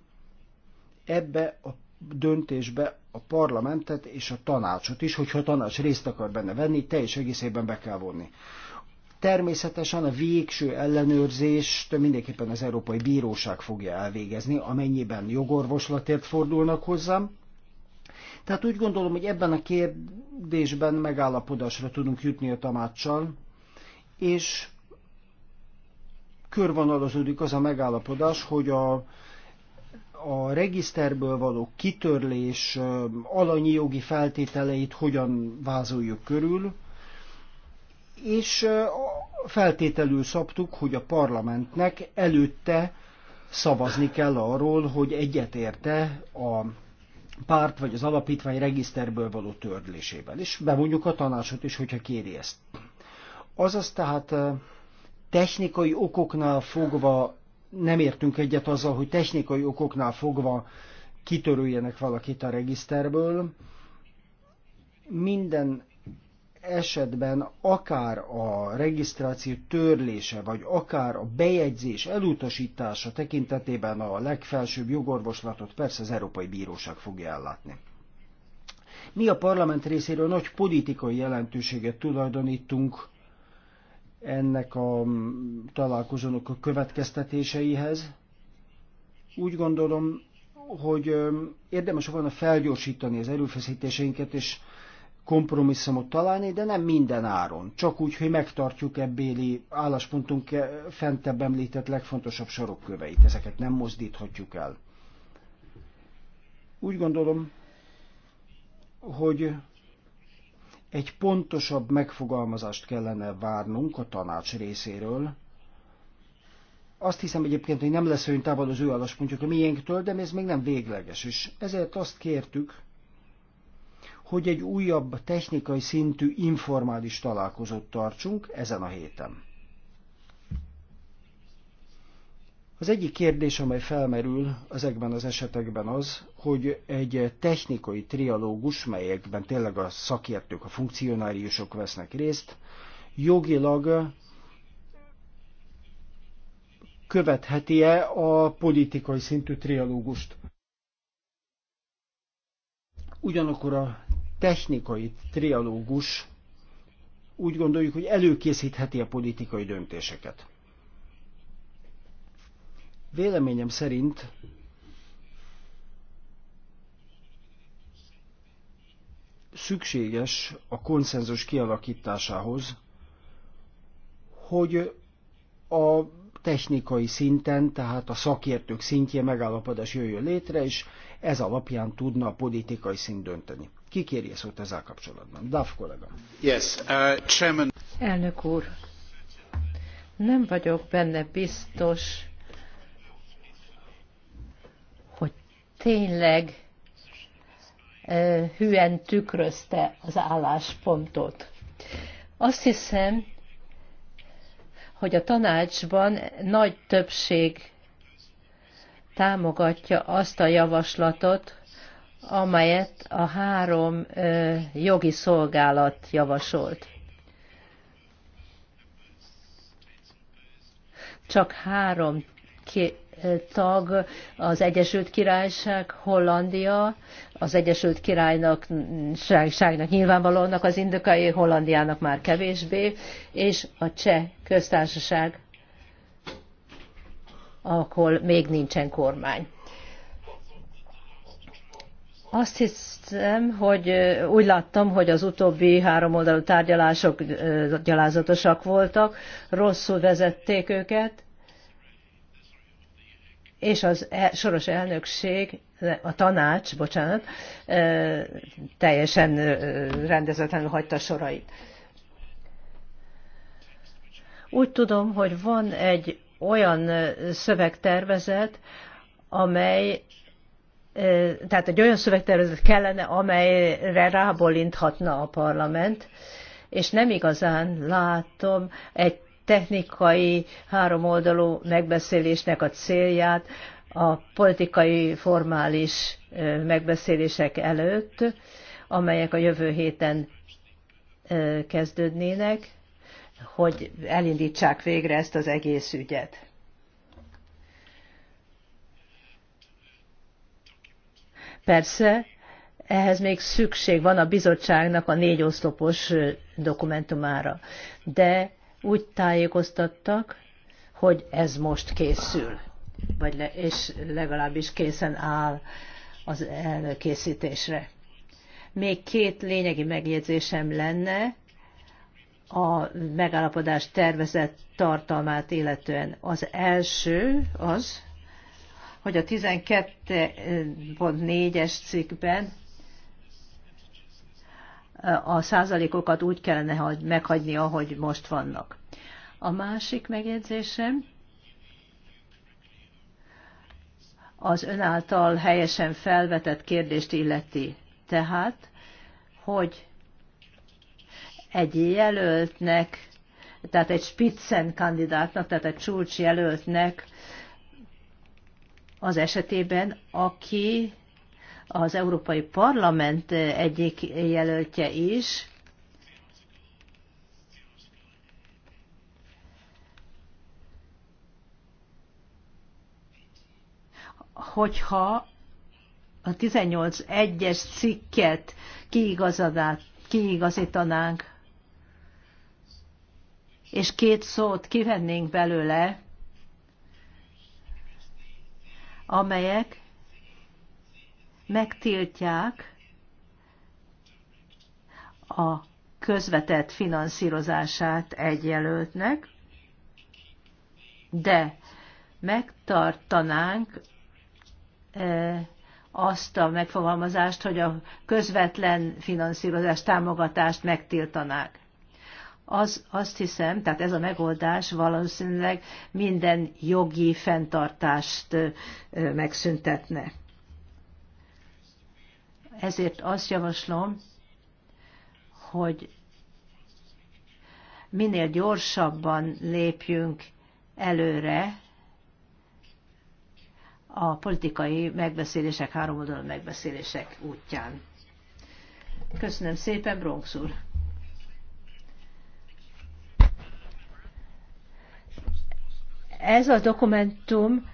[SPEAKER 2] ebbe a döntésbe a parlamentet és a tanácsot is, hogyha a tanács részt akar benne venni, teljes egészében be kell vonni. Természetesen a végső ellenőrzést mindenképpen az Európai Bíróság fogja elvégezni, amennyiben jogorvoslatért fordulnak hozzám. Tehát úgy gondolom, hogy ebben a kérdésben megállapodásra tudunk jutni a tanácssal, és körvonalazódik az a megállapodás, hogy a a regiszterből való kitörlés alanyi jogi feltételeit hogyan vázoljuk körül, és feltételül szabtuk, hogy a parlamentnek előtte szavazni kell arról, hogy egyetérte a párt vagy az alapítvány regiszterből való törlésével, és bemondjuk a tanácsot is, hogyha kéri ezt. Azaz tehát technikai okoknál fogva nem értünk egyet azzal, hogy technikai okoknál fogva kitörüljenek valakit a regiszterből. Minden esetben akár a regisztráció törlése, vagy akár a bejegyzés elutasítása tekintetében a legfelsőbb jogorvoslatot persze az Európai Bíróság fogja ellátni. Mi a parlament részéről nagy politikai jelentőséget tulajdonítunk ennek a mm, találkozónak a következtetéseihez. Úgy gondolom, hogy mm, érdemes volna felgyorsítani az erőfeszítéseinket, és kompromisszumot találni, de nem minden áron. Csak úgy, hogy megtartjuk ebbéli álláspontunk e, fentebb említett legfontosabb sarokköveit. Ezeket nem mozdíthatjuk el. Úgy gondolom, hogy egy pontosabb megfogalmazást kellene várnunk a tanács részéről. Azt hiszem egyébként, hogy nem lesz olyan távol az ő álláspontjuk a miénktől, de ez még nem végleges, és ezért azt kértük, hogy egy újabb technikai szintű informális találkozót tartsunk ezen a héten. Az egyik kérdés, amely felmerül ezekben az esetekben az, hogy egy technikai trialógus, melyekben tényleg a szakértők, a funkcionáriusok vesznek részt, jogilag követheti-e a politikai szintű trialógust. Ugyanakkor a technikai trialógus úgy gondoljuk, hogy előkészítheti a politikai döntéseket. Véleményem szerint szükséges a konszenzus kialakításához, hogy a technikai szinten, tehát a szakértők szintjén megállapodás jöjjön létre, és ez alapján tudna a politikai szint dönteni. Ki kéri a szót ezzel kapcsolatban? Duff kollega.
[SPEAKER 1] Yes, uh, chairman.
[SPEAKER 3] Elnök úr, nem vagyok benne biztos, hogy tényleg hűen tükrözte az álláspontot. Azt hiszem, hogy a tanácsban nagy többség támogatja azt a javaslatot, amelyet a három jogi szolgálat javasolt. Csak három tag az Egyesült Királyság, Hollandia, az Egyesült Királynak ságnak nyilvánvalónak az indokai, Hollandiának már kevésbé, és a Cseh köztársaság, ahol még nincsen kormány. Azt hiszem, hogy úgy láttam, hogy az utóbbi három oldalú tárgyalások gyalázatosak voltak, rosszul vezették őket, és az e, soros elnökség, a tanács, bocsánat, e, teljesen e, rendezetlenül hagyta sorait. Úgy tudom, hogy van egy olyan szövegtervezet, amely tehát egy olyan szövegtervezet kellene, amelyre rábólinthatna a parlament, és nem igazán látom egy technikai háromoldalú megbeszélésnek a célját a politikai formális megbeszélések előtt, amelyek a jövő héten kezdődnének, hogy elindítsák végre ezt az egész ügyet. Persze, ehhez még szükség van a bizottságnak a négy oszlopos dokumentumára. De úgy tájékoztattak, hogy ez most készül, vagy le, és legalábbis készen áll az előkészítésre. Még két lényegi megjegyzésem lenne a megállapodás tervezett tartalmát illetően. Az első az, hogy a 12.4-es cikkben a százalékokat úgy kellene meghagyni, ahogy most vannak. A másik megjegyzésem az ön által helyesen felvetett kérdést illeti. Tehát, hogy egy jelöltnek, tehát egy spitzen kandidátnak, tehát egy csúcs jelöltnek az esetében, aki az Európai Parlament eh, egyik jelöltje is, hogyha a 18.1-es cikket kiigazítanánk, és két szót kivennénk belőle, amelyek megtiltják a közvetett finanszírozását egy jelöltnek, de megtartanánk e, azt a megfogalmazást, hogy a közvetlen finanszírozás támogatást megtiltanák. Az, azt hiszem, tehát ez a megoldás valószínűleg minden jogi fenntartást e, megszüntetne. Ezért azt javaslom, hogy minél gyorsabban lépjünk előre a politikai megbeszélések, háromoldalú megbeszélések útján. Köszönöm szépen, Bronx úr! Ez a dokumentum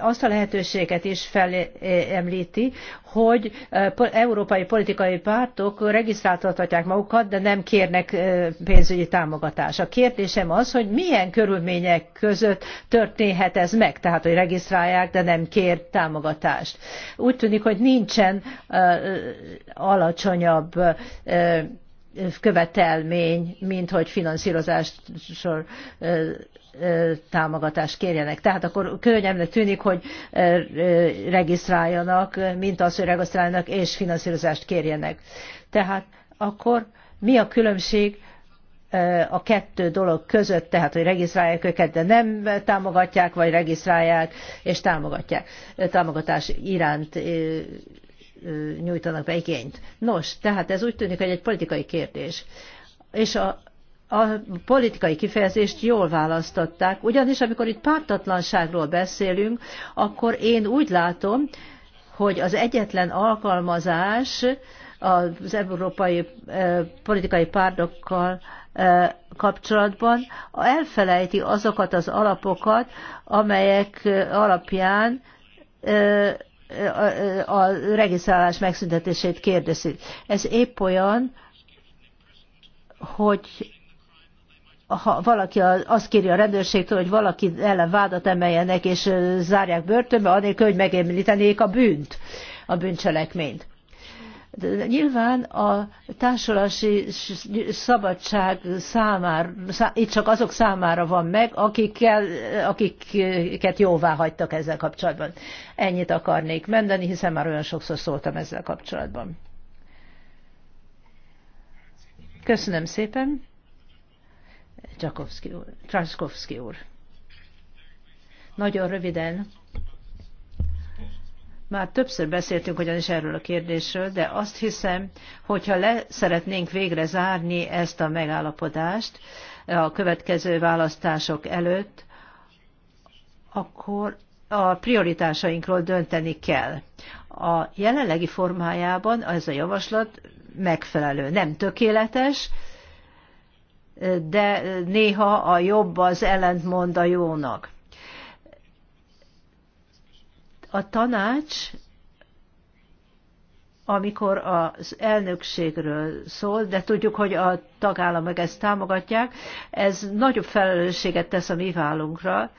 [SPEAKER 3] azt a lehetőséget is felemlíti, hogy európai politikai pártok regisztráltathatják magukat, de nem kérnek pénzügyi támogatást. A kérdésem az, hogy milyen körülmények között történhet ez meg, tehát hogy regisztrálják, de nem kér támogatást. Úgy tűnik, hogy nincsen alacsonyabb követelmény, mint hogy finanszírozásról támogatást kérjenek. Tehát akkor könnyebbnek tűnik, hogy regisztráljanak, mint az, hogy regisztráljanak és finanszírozást kérjenek. Tehát akkor mi a különbség a kettő dolog között, tehát hogy regisztrálják őket, de nem támogatják, vagy regisztrálják és támogatják, támogatás iránt nyújtanak be igényt. Nos, tehát ez úgy tűnik, hogy egy politikai kérdés. És a, a politikai kifejezést jól választották, ugyanis amikor itt pártatlanságról beszélünk, akkor én úgy látom, hogy az egyetlen alkalmazás az európai politikai pártokkal kapcsolatban elfelejti azokat az alapokat, amelyek alapján a regisztrálás megszüntetését kérdezi. Ez épp olyan, hogy ha valaki azt kéri a rendőrségtől, hogy valaki ellen vádat emeljenek és zárják börtönbe, anélkül, hogy megemlítenék a bűnt, a bűncselekményt. Nyilván a társulási szabadság számára, itt csak azok számára van meg, akikkel, akiket jóvá hagytak ezzel kapcsolatban. Ennyit akarnék mondani, hiszen már olyan sokszor szóltam ezzel kapcsolatban. Köszönöm szépen. Csakovszki úr. Csakovszki úr. Nagyon röviden már többször beszéltünk ugyanis erről a kérdésről, de azt hiszem, hogyha le szeretnénk végre zárni ezt a megállapodást eh, a következő választások előtt, akkor a prioritásainkról dönteni kell. A jelenlegi formájában ez a javaslat megfelelő, nem tökéletes, eh, de néha a jobb az ellentmond a jónak. A tanács, amikor az elnökségről szól, de tudjuk, hogy a tagállamok ezt támogatják, ez nagyobb felelősséget tesz a mi vállunkra,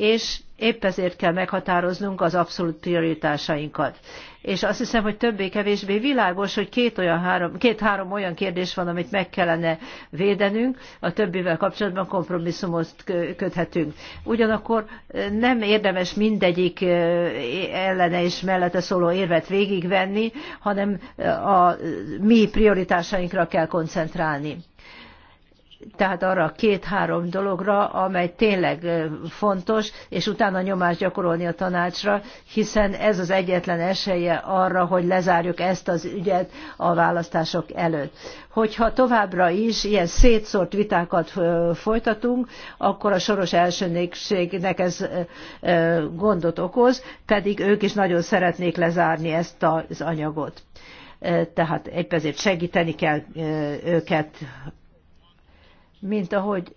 [SPEAKER 3] és épp ezért kell meghatároznunk az abszolút prioritásainkat. És azt hiszem, hogy többé-kevésbé világos, hogy két, olyan három, két három olyan kérdés van, amit meg kellene védenünk, a többivel kapcsolatban kompromisszumot köthetünk. Ugyanakkor eh, nem érdemes mindegyik eh, ellene és mellette szóló érvet végigvenni, hanem eh, a mi prioritásainkra kell koncentrálni tehát arra a két-három dologra, amely tényleg fontos, és utána nyomást gyakorolni a tanácsra, hiszen ez az egyetlen esélye arra, hogy lezárjuk ezt az ügyet a választások előtt. Hogyha továbbra is ilyen szétszórt vitákat folytatunk, akkor a soros elsőnékségnek ez gondot okoz, pedig ők is nagyon szeretnék lezárni ezt az anyagot tehát épp ezért segíteni kell őket mint ahogy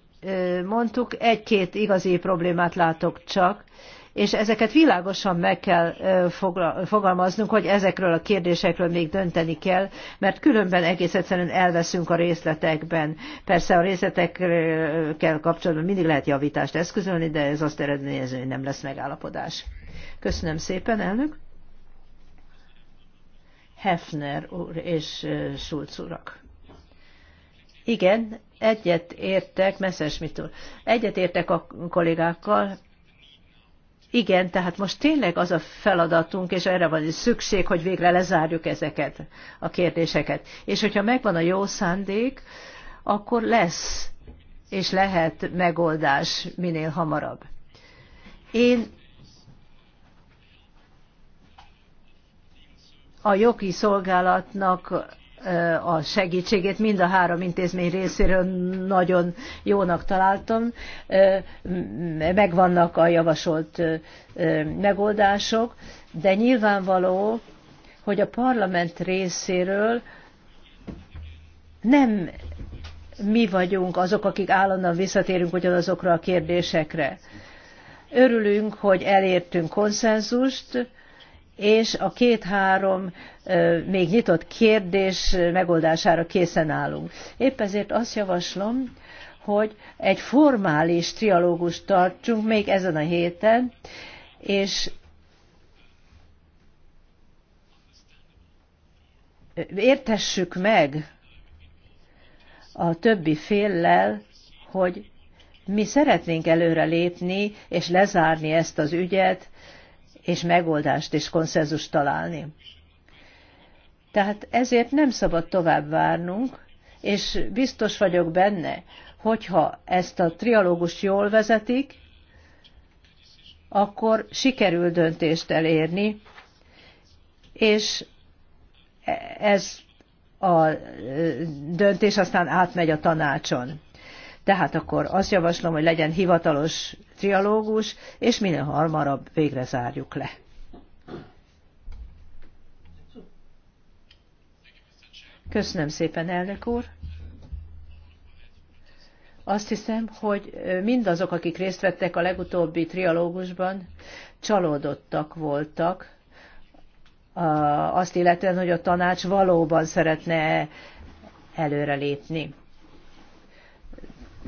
[SPEAKER 3] mondtuk, egy-két igazi problémát látok csak, és ezeket világosan meg kell fogalmaznunk, hogy ezekről a kérdésekről még dönteni kell, mert különben egész egyszerűen elveszünk a részletekben. Persze a részletekkel kapcsolatban mindig lehet javítást eszközölni, de ez azt eredményező, hogy nem lesz megállapodás. Köszönöm szépen, elnök. Hefner úr és Schulz urak. Igen, egyet értek, Messerschmitt egyet értek a kollégákkal, igen, tehát most tényleg az a feladatunk, és erre van szükség, hogy végre lezárjuk ezeket a kérdéseket. És hogyha megvan a jó szándék, akkor lesz és lehet megoldás minél hamarabb. Én a jogi szolgálatnak a segítségét mind a három intézmény részéről nagyon jónak találtam. Megvannak a javasolt megoldások, de nyilvánvaló, hogy a parlament részéről nem mi vagyunk azok, akik állandóan visszatérünk ugyanazokra a kérdésekre. Örülünk, hogy elértünk konszenzust, és a két-három még nyitott kérdés megoldására készen állunk. Épp ezért azt javaslom, hogy egy formális trialógust tartsunk még ezen a héten, és értessük meg a többi féllel, hogy mi szeretnénk előre lépni és lezárni ezt az ügyet, és megoldást és konszenzust találni. Tehát ezért nem szabad tovább várnunk, és biztos vagyok benne, hogyha ezt a trialógust jól vezetik, akkor sikerül döntést elérni, és e- ez a döntés aztán átmegy a tanácson. Tehát akkor azt javaslom, hogy legyen hivatalos trialógus, és minél hamarabb végre zárjuk le. Köszönöm szépen, elnök úr! Azt hiszem, hogy mindazok, akik részt vettek a legutóbbi trialógusban, csalódottak voltak azt illetően, hogy a tanács valóban szeretne előrelépni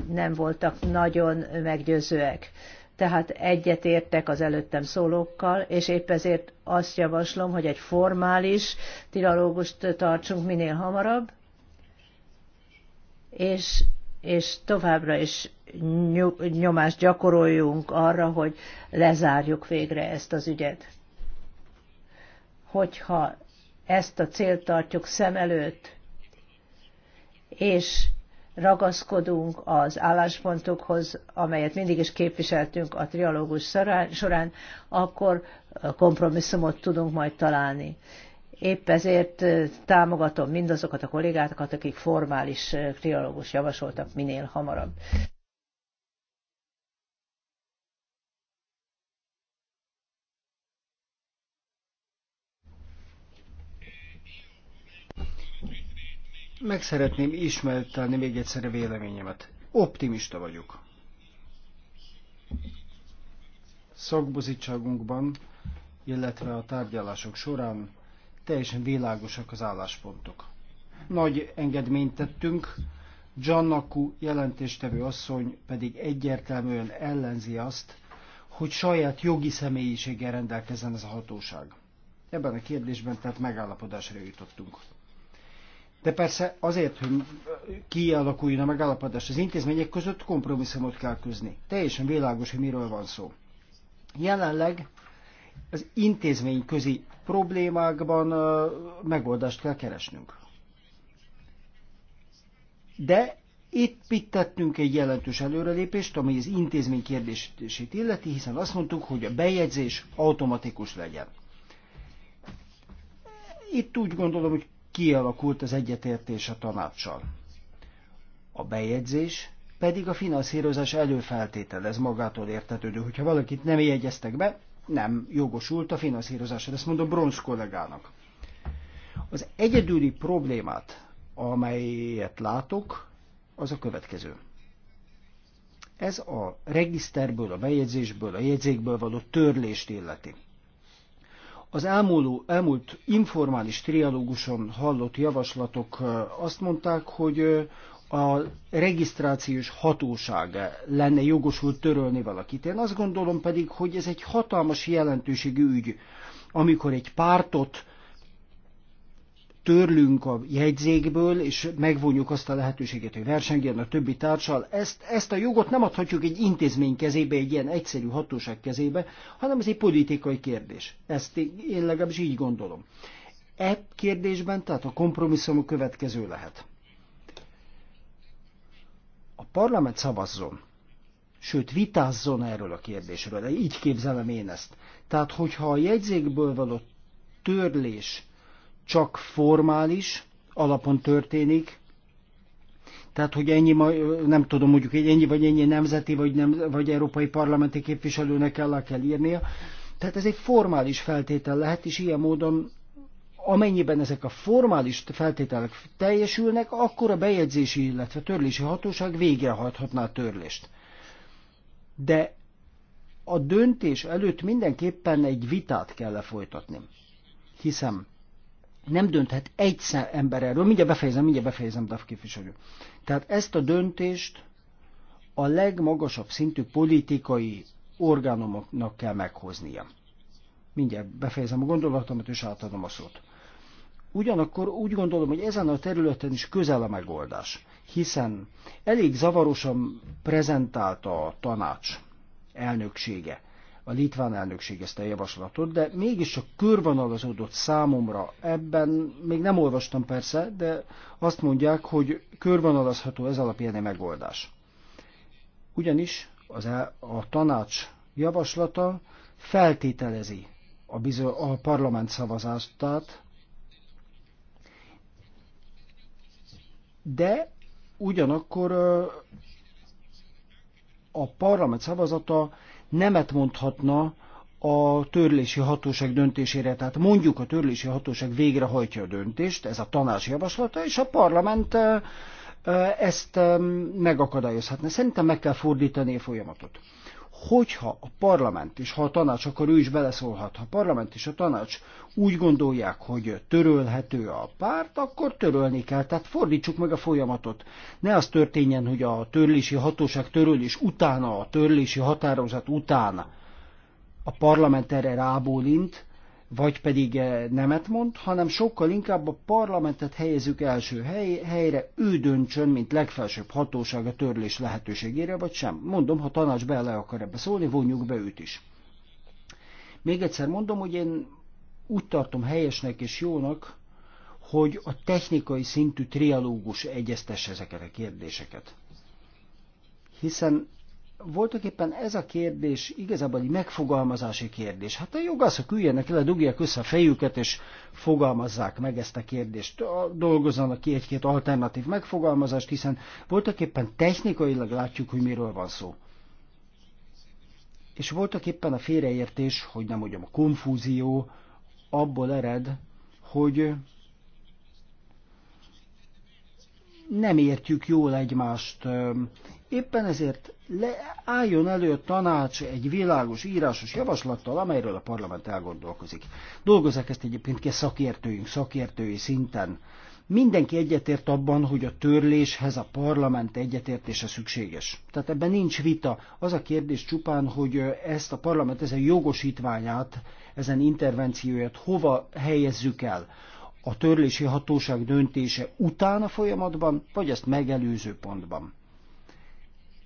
[SPEAKER 3] nem voltak nagyon meggyőzőek. Tehát egyet értek az előttem szólókkal, és épp ezért azt javaslom, hogy egy formális tilalógust tartsunk minél hamarabb, és, és továbbra is nyomást gyakoroljunk arra, hogy lezárjuk végre ezt az ügyet. Hogyha ezt a célt tartjuk szem előtt, és ragaszkodunk az álláspontokhoz, amelyet mindig is képviseltünk a trialógus során, akkor kompromisszumot tudunk majd találni. Épp ezért támogatom mindazokat a kollégákat, akik formális trialógus javasoltak minél hamarabb.
[SPEAKER 2] Meg szeretném ismertelni még egyszer a véleményemet. Optimista vagyok. Szakbozítságunkban, illetve a tárgyalások során teljesen világosak az álláspontok. Nagy engedményt tettünk, Giannaku jelentéstevő asszony pedig egyértelműen ellenzi azt, hogy saját jogi személyiséggel rendelkezzen ez a hatóság. Ebben a kérdésben tehát megállapodásra jutottunk. De persze azért, hogy kialakuljon a megállapodás az intézmények között, kompromisszumot kell közni. Teljesen világos, hogy miről van szó. Jelenleg az közi problémákban megoldást kell keresnünk. De itt pittettünk egy jelentős előrelépést, ami az intézmény kérdését illeti, hiszen azt mondtuk, hogy a bejegyzés automatikus legyen. Itt úgy gondolom, hogy kialakult az egyetértés a tanácssal. A bejegyzés pedig a finanszírozás előfeltétel, ez magától értetődő. Hogyha valakit nem jegyeztek be, nem jogosult a finanszírozásra, ezt mondom bronz kollégának. Az egyedüli problémát, amelyet látok, az a következő. Ez a regiszterből, a bejegyzésből, a jegyzékből való törlést illeti. Az elmúló, elmúlt informális trialóguson hallott javaslatok azt mondták, hogy a regisztrációs hatóság lenne jogosult törölni valakit. Én azt gondolom pedig, hogy ez egy hatalmas jelentőségű ügy, amikor egy pártot törlünk a jegyzékből, és megvonjuk azt a lehetőséget, hogy versengjen a többi társal, ezt, ezt a jogot nem adhatjuk egy intézmény kezébe, egy ilyen egyszerű hatóság kezébe, hanem ez egy politikai kérdés. Ezt én legalábbis így gondolom. E kérdésben tehát a kompromisszum a következő lehet. A parlament szavazzon, sőt vitázzon erről a kérdésről, így képzelem én ezt. Tehát, hogyha a jegyzékből való törlés csak formális alapon történik, tehát, hogy ennyi, nem tudom, mondjuk ennyi vagy ennyi nemzeti vagy, nem, vagy európai parlamenti képviselőnek el kell írnia. Tehát ez egy formális feltétel lehet, és ilyen módon amennyiben ezek a formális feltételek teljesülnek, akkor a bejegyzési, illetve törlési hatóság végrehajthatná a törlést. De a döntés előtt mindenképpen egy vitát kell lefolytatni. Hiszem, nem dönthet egy ember erről. Mindjárt befejezem, mindjárt befejezem, DAF képviselő. Tehát ezt a döntést a legmagasabb szintű politikai orgánumoknak kell meghoznia. Mindjárt befejezem a gondolatomat, és átadom a szót. Ugyanakkor úgy gondolom, hogy ezen a területen is közel a megoldás, hiszen elég zavarosan prezentálta a tanács elnöksége a litván elnökség ezt a javaslatot, de mégis a körvonalazódott számomra ebben, még nem olvastam persze, de azt mondják, hogy körvonalazható ez alapján a megoldás. Ugyanis az a tanács javaslata feltételezi a, bizony, a parlament szavazását, de ugyanakkor a parlament szavazata nemet mondhatna a törlési hatóság döntésére. Tehát mondjuk a törlési hatóság végrehajtja a döntést, ez a tanács javaslata, és a parlament ezt megakadályozhatna. Szerintem meg kell fordítani a folyamatot hogyha a parlament és ha a tanács, akkor ő is beleszólhat, ha a parlament és a tanács úgy gondolják, hogy törölhető a párt, akkor törölni kell. Tehát fordítsuk meg a folyamatot. Ne az történjen, hogy a törlési hatóság töröl, és utána a törlési határozat után a parlament erre rábólint, vagy pedig eh, nemet mond, hanem sokkal inkább a parlamentet helyezük első hely, helyre, ő döntsön, mint legfelsőbb hatóság a törlés lehetőségére, vagy sem. Mondom, ha tanács bele akar ebbe szólni, vonjuk be őt is. Még egyszer mondom, hogy én úgy tartom helyesnek és jónak, hogy a technikai szintű trialógus egyeztesse ezeket a kérdéseket. Hiszen voltak éppen ez a kérdés igazából egy megfogalmazási kérdés. Hát a jogászok üljenek le, dugják össze a fejüket, és fogalmazzák meg ezt a kérdést. Dolgozzanak ki egy-két alternatív megfogalmazást, hiszen voltak éppen technikailag látjuk, hogy miről van szó. És voltak éppen a félreértés, hogy nem mondjam, a konfúzió abból ered, hogy nem értjük jól egymást, Éppen ezért le, álljon elő a tanács egy világos írásos javaslattal, amelyről a parlament elgondolkozik. Dolgozzák ezt egyébként ki szakértőink, szakértői szinten. Mindenki egyetért abban, hogy a törléshez a parlament egyetértése szükséges. Tehát ebben nincs vita. Az a kérdés csupán, hogy ezt a parlament ezen jogosítványát, ezen intervencióját hova helyezzük el a törlési hatóság döntése után a folyamatban, vagy ezt megelőző pontban.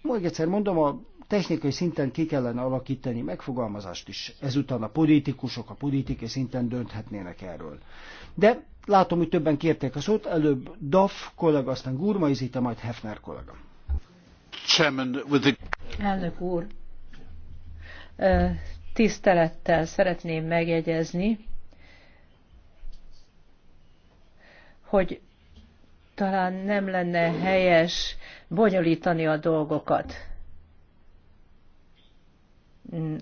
[SPEAKER 2] Még egyszer mondom, a technikai szinten ki kellene alakítani megfogalmazást is. Ezután a politikusok a politikai szinten dönthetnének erről. De látom, hogy többen kérték a szót, előbb DAF kollega, aztán Gurma Izita, majd Hefner kollega.
[SPEAKER 1] Chairman, with
[SPEAKER 3] the... Elnök úr, tisztelettel szeretném megjegyezni, hogy talán nem lenne helyes bonyolítani a dolgokat.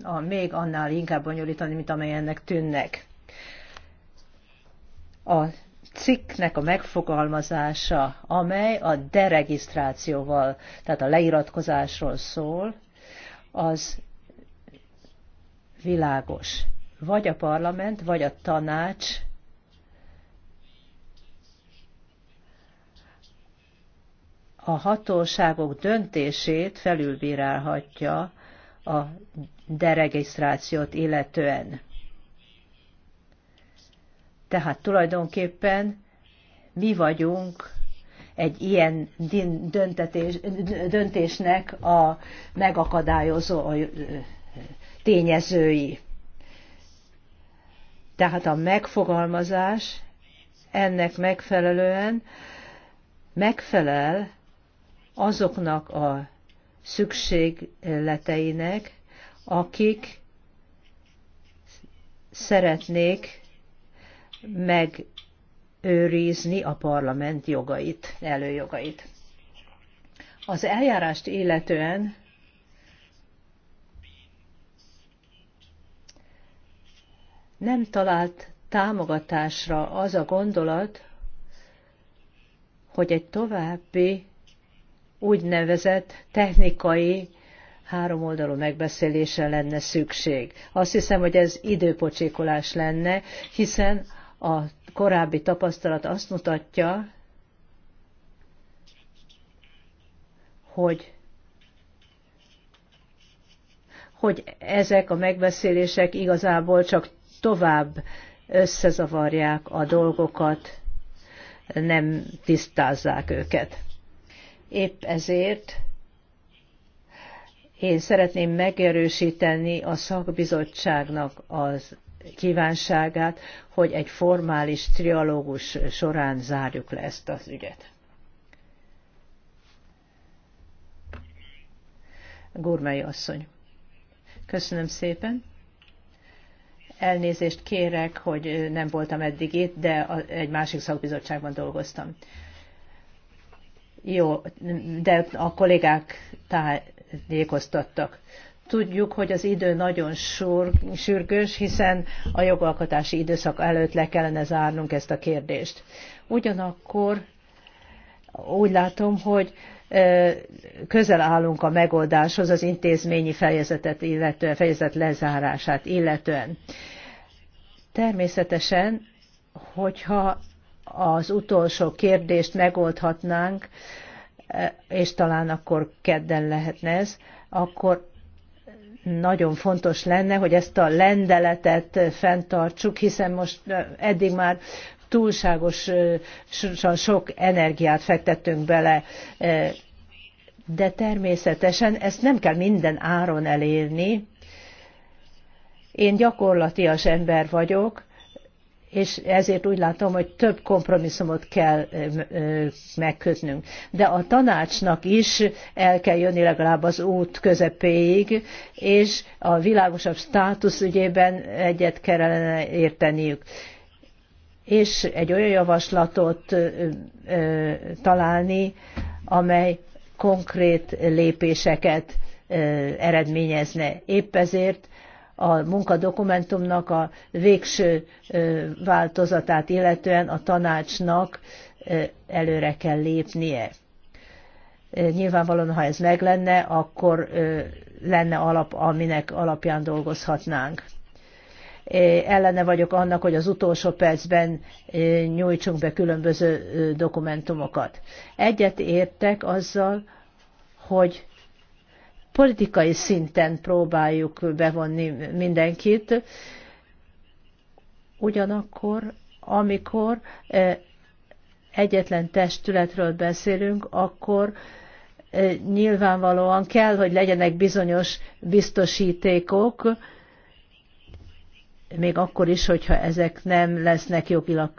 [SPEAKER 3] A, még annál inkább bonyolítani, mint amelyennek tűnnek. A cikknek a megfogalmazása, amely a deregisztrációval, tehát a leiratkozásról szól, az világos. Vagy a parlament, vagy a tanács a hatóságok döntését felülbírálhatja a deregisztrációt illetően. Tehát tulajdonképpen mi vagyunk egy ilyen döntetés, döntésnek a megakadályozó tényezői. Tehát a megfogalmazás ennek megfelelően megfelel azoknak a szükségleteinek, akik szeretnék megőrizni a parlament jogait, előjogait. Az eljárást illetően nem talált támogatásra az a gondolat, hogy egy további úgynevezett technikai három oldalú megbeszélésre lenne szükség. Azt hiszem, hogy ez időpocsékolás lenne, hiszen a korábbi tapasztalat azt mutatja, hogy hogy ezek a megbeszélések igazából csak tovább összezavarják a dolgokat, nem tisztázzák őket. Épp ezért én szeretném megerősíteni a szakbizottságnak az kívánságát, hogy egy formális trialógus során zárjuk le ezt az ügyet. Gurmai asszony. Köszönöm szépen. Elnézést kérek, hogy nem voltam eddig itt, de egy másik szakbizottságban dolgoztam. Jó, de a kollégák tájékoztattak. Tudjuk, hogy az idő nagyon sur, sürgős, hiszen a jogalkotási időszak előtt le kellene zárnunk ezt a kérdést. Ugyanakkor úgy látom, hogy közel állunk a megoldáshoz az intézményi fejezetet illetően, fejezet lezárását illetően. Természetesen, hogyha az utolsó kérdést megoldhatnánk, és talán akkor kedden lehetne ez, akkor nagyon fontos lenne, hogy ezt a lendeletet fenntartsuk, hiszen most eddig már túlságosan sok energiát fektettünk bele, de természetesen ezt nem kell minden áron elérni. Én gyakorlatias ember vagyok, és ezért úgy látom, hogy több kompromisszumot kell megkötnünk. De a tanácsnak is el kell jönni legalább az út közepéig, és a világosabb státusz ügyében egyet kellene érteniük és egy olyan javaslatot találni, amely konkrét lépéseket eredményezne. Épp ezért a munkadokumentumnak a végső változatát illetően a tanácsnak előre kell lépnie. Nyilvánvalóan, ha ez meg lenne, akkor lenne alap, aminek alapján dolgozhatnánk. Ellene vagyok annak, hogy az utolsó percben nyújtsunk be különböző dokumentumokat. Egyet értek azzal, hogy politikai szinten próbáljuk bevonni mindenkit, ugyanakkor, amikor e, egyetlen testületről beszélünk, akkor e, nyilvánvalóan kell, hogy legyenek bizonyos biztosítékok, még akkor is, hogyha ezek nem lesznek jogilag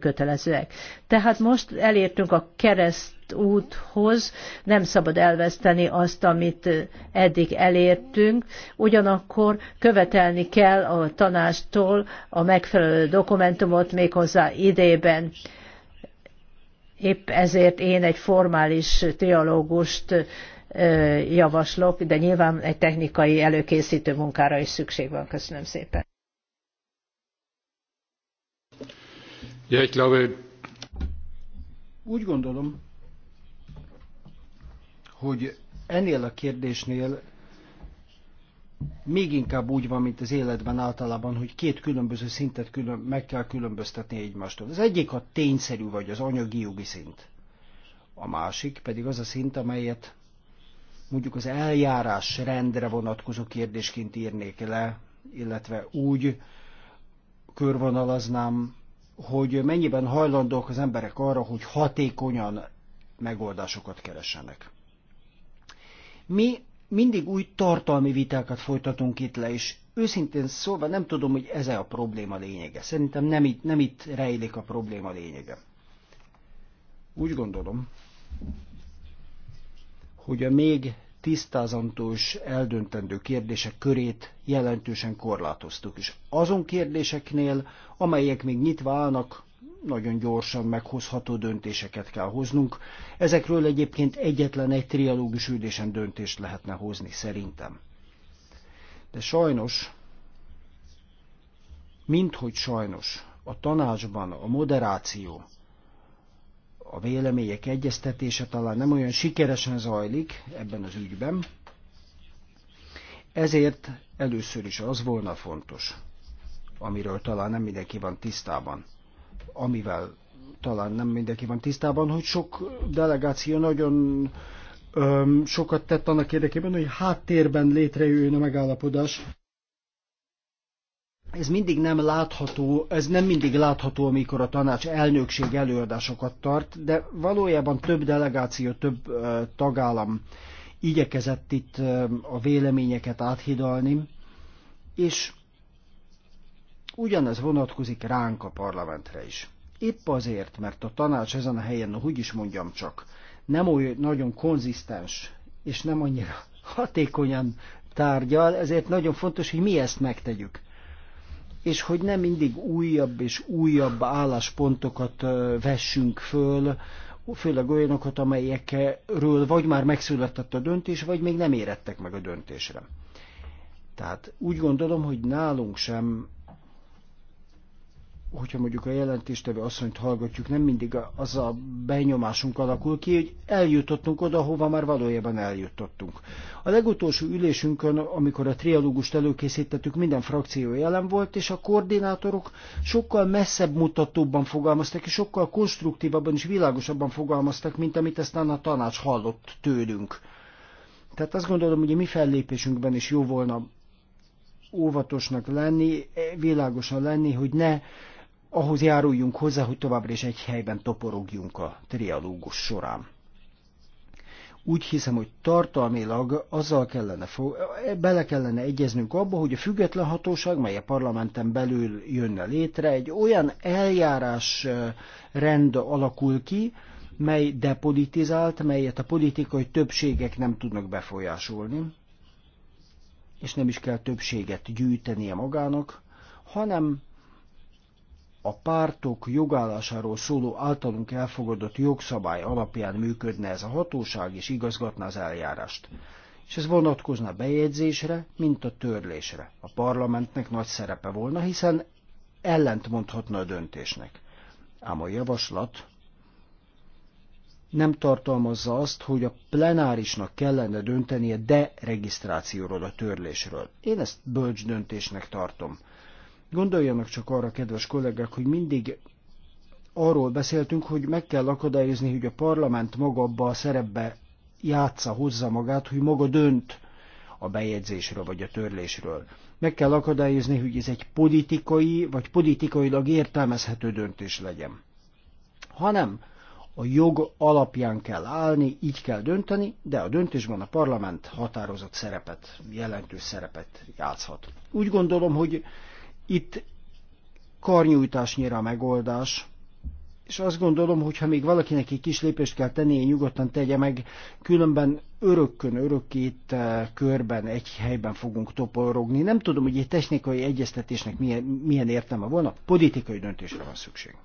[SPEAKER 3] kötelezőek. Tehát most elértünk a kereszt úthoz, nem szabad elveszteni azt, amit eddig elértünk, ugyanakkor követelni kell a tanástól a megfelelő dokumentumot méghozzá idében. Épp ezért én egy formális dialógust javaslok, de nyilván egy technikai előkészítő munkára is szükség van. Köszönöm szépen.
[SPEAKER 1] Ja, ich glaube...
[SPEAKER 2] Úgy gondolom, hogy ennél a kérdésnél még inkább úgy van, mint az életben általában, hogy két különböző szintet külön, meg kell különböztetni egymástól. Az egyik a tényszerű vagy az anyagi jogi szint. A másik pedig az a szint, amelyet mondjuk az eljárás rendre vonatkozó kérdésként írnék le, illetve úgy körvonalaznám hogy mennyiben hajlandók az emberek arra, hogy hatékonyan megoldásokat keressenek. Mi mindig új tartalmi vitákat folytatunk itt le, és őszintén szólva nem tudom, hogy ez -e a probléma lényege. Szerintem nem itt, nem itt rejlik a probléma lényege. Úgy gondolom, hogy a még tisztázandó eldöntendő kérdések körét jelentősen korlátoztuk. És azon kérdéseknél, amelyek még nyitva állnak, nagyon gyorsan meghozható döntéseket kell hoznunk. Ezekről egyébként egyetlen egy trialógus ülésen döntést lehetne hozni, szerintem. De sajnos, minthogy sajnos, a tanácsban a moderáció a vélemények egyeztetése talán nem olyan sikeresen zajlik ebben az ügyben, ezért először is az volna fontos, amiről talán nem mindenki van tisztában, amivel talán nem mindenki van tisztában, hogy sok delegáció nagyon öm, sokat tett annak érdekében, hogy háttérben létrejöjjön a megállapodás ez mindig nem látható, ez nem mindig látható, amikor a tanács elnökség előadásokat tart, de valójában több delegáció, több tagállam igyekezett itt a véleményeket áthidalni, és ugyanez vonatkozik ránk a parlamentre is. Épp azért, mert a tanács ezen a helyen, no, hogy is mondjam csak, nem olyan nagyon konzisztens, és nem annyira [laughs] hatékonyan tárgyal, ezért nagyon fontos, hogy mi ezt megtegyük és hogy nem mindig újabb és újabb álláspontokat vessünk föl, főleg olyanokat, amelyekről vagy már megszületett a döntés, vagy még nem érettek meg a döntésre. Tehát úgy gondolom, hogy nálunk sem hogyha mondjuk a jelentéstevő asszonyt hallgatjuk, nem mindig az a benyomásunk alakul ki, hogy eljutottunk oda, hova már valójában eljutottunk. A legutolsó ülésünkön, amikor a trialógust előkészítettük, minden frakció jelen volt, és a koordinátorok sokkal messzebb mutatóban fogalmaztak, és sokkal konstruktívabban és világosabban fogalmaztak, mint amit aztán a tanács hallott tőlünk. Tehát azt gondolom, hogy a mi fellépésünkben is jó volna óvatosnak lenni, világosan lenni, hogy ne ahhoz járuljunk hozzá, hogy továbbra is egy helyben toporogjunk a trialógus során. Úgy hiszem, hogy tartalmilag azzal kellene, bele kellene egyeznünk abba, hogy a független hatóság, mely a parlamenten belül jönne létre, egy olyan eljárás rend alakul ki, mely depolitizált, melyet a politikai többségek nem tudnak befolyásolni, és nem is kell többséget gyűjtenie magának, hanem a pártok jogállásáról szóló általunk elfogadott jogszabály alapján működne ez a hatóság, és igazgatná az eljárást. És ez vonatkozna bejegyzésre, mint a törlésre. A parlamentnek nagy szerepe volna, hiszen ellent mondhatna a döntésnek. Ám a javaslat nem tartalmazza azt, hogy a plenárisnak kellene döntenie deregisztrációról, a törlésről. Én ezt bölcs döntésnek tartom. Gondoljanak csak arra, kedves kollégák, hogy mindig arról beszéltünk, hogy meg kell akadályozni, hogy a parlament maga abba a szerepbe játsza hozza magát, hogy maga dönt a bejegyzésről vagy a törlésről. Meg kell akadályozni, hogy ez egy politikai vagy politikailag értelmezhető döntés legyen. Hanem a jog alapján kell állni, így kell dönteni, de a döntésben a parlament határozott szerepet, jelentős szerepet játszhat. Úgy gondolom, hogy itt karnyújtásnyira a megoldás, és azt gondolom, hogy ha még valakinek egy kis lépést kell tennie, nyugodtan tegye meg, különben örökkön, örökét eh, körben, egy helyben fogunk toporogni. Nem tudom, hogy egy technikai egyeztetésnek milyen, milyen értelme volna, politikai döntésre van szükség.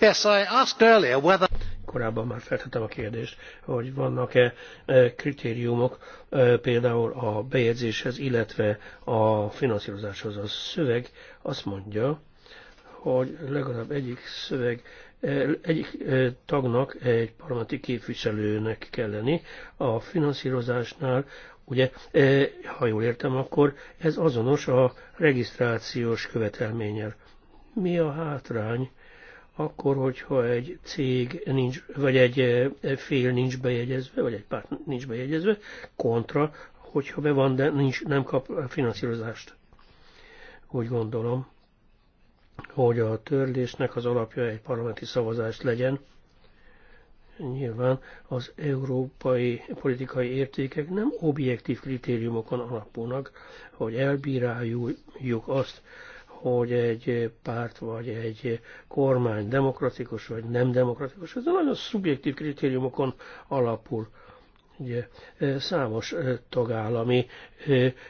[SPEAKER 1] Yes, I asked earlier whether korábban már feltettem a kérdést, hogy vannak-e e, kritériumok e, például a bejegyzéshez, illetve a finanszírozáshoz. A szöveg azt mondja, hogy legalább egyik szöveg, e, egyik tagnak, egy parlamenti képviselőnek kell lenni. A finanszírozásnál, ugye, ha jól értem, akkor ez azonos a regisztrációs követelménnyel. Mi a hátrány? akkor, hogyha egy cég nincs, vagy egy fél nincs bejegyezve, vagy egy párt nincs bejegyezve, kontra, hogyha be van, de nincs, nem kap finanszírozást. Úgy gondolom, hogy a törlésnek az alapja egy parlamenti szavazást legyen. Nyilván az európai politikai értékek nem objektív kritériumokon alapulnak, hogy elbíráljuk azt, hogy egy párt vagy egy kormány demokratikus vagy nem demokratikus. Ez nagyon szubjektív kritériumokon alapul. Ugye, számos tagállami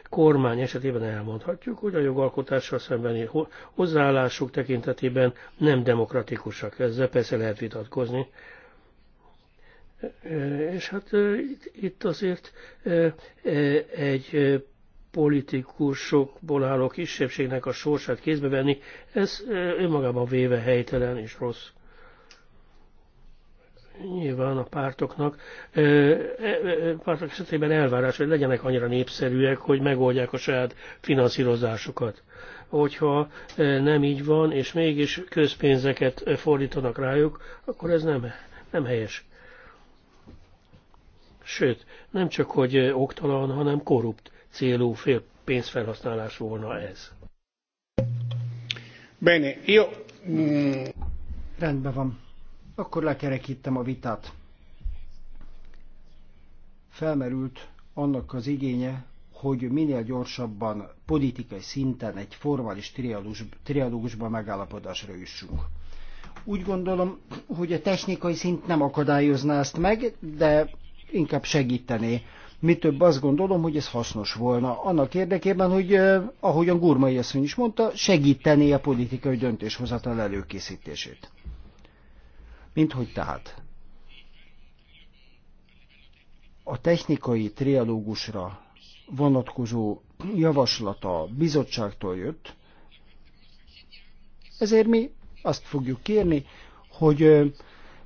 [SPEAKER 1] kormány esetében elmondhatjuk, hogy a jogalkotással szembeni hozzáállásuk tekintetében nem demokratikusak. Ezzel persze lehet vitatkozni. És hát itt azért egy politikusokból álló kisebbségnek a sorsát kézbe venni, ez önmagában véve helytelen és rossz. Nyilván a pártoknak, pártok esetében elvárás, hogy legyenek annyira népszerűek, hogy megoldják a saját finanszírozásukat. Hogyha nem így van, és mégis közpénzeket fordítanak rájuk, akkor ez nem, nem helyes. Sőt, nem csak hogy oktalan, hanem korrupt célú fél pénzfelhasználás volna ez.
[SPEAKER 2] Bene, jó. Mm. Rendben van. Akkor lekerekítem a vitát. Felmerült annak az igénye, hogy minél gyorsabban politikai szinten egy formális triadus trialógusban megállapodásra jussunk. Úgy gondolom, hogy a technikai szint nem akadályozná ezt meg, de inkább segítené mi több azt gondolom, hogy ez hasznos volna. Annak érdekében, hogy ahogyan Gurmai asszony is mondta, segítené a politikai döntéshozatal előkészítését. Mint hogy tehát a technikai trialógusra vonatkozó javaslata bizottságtól jött, ezért mi azt fogjuk kérni, hogy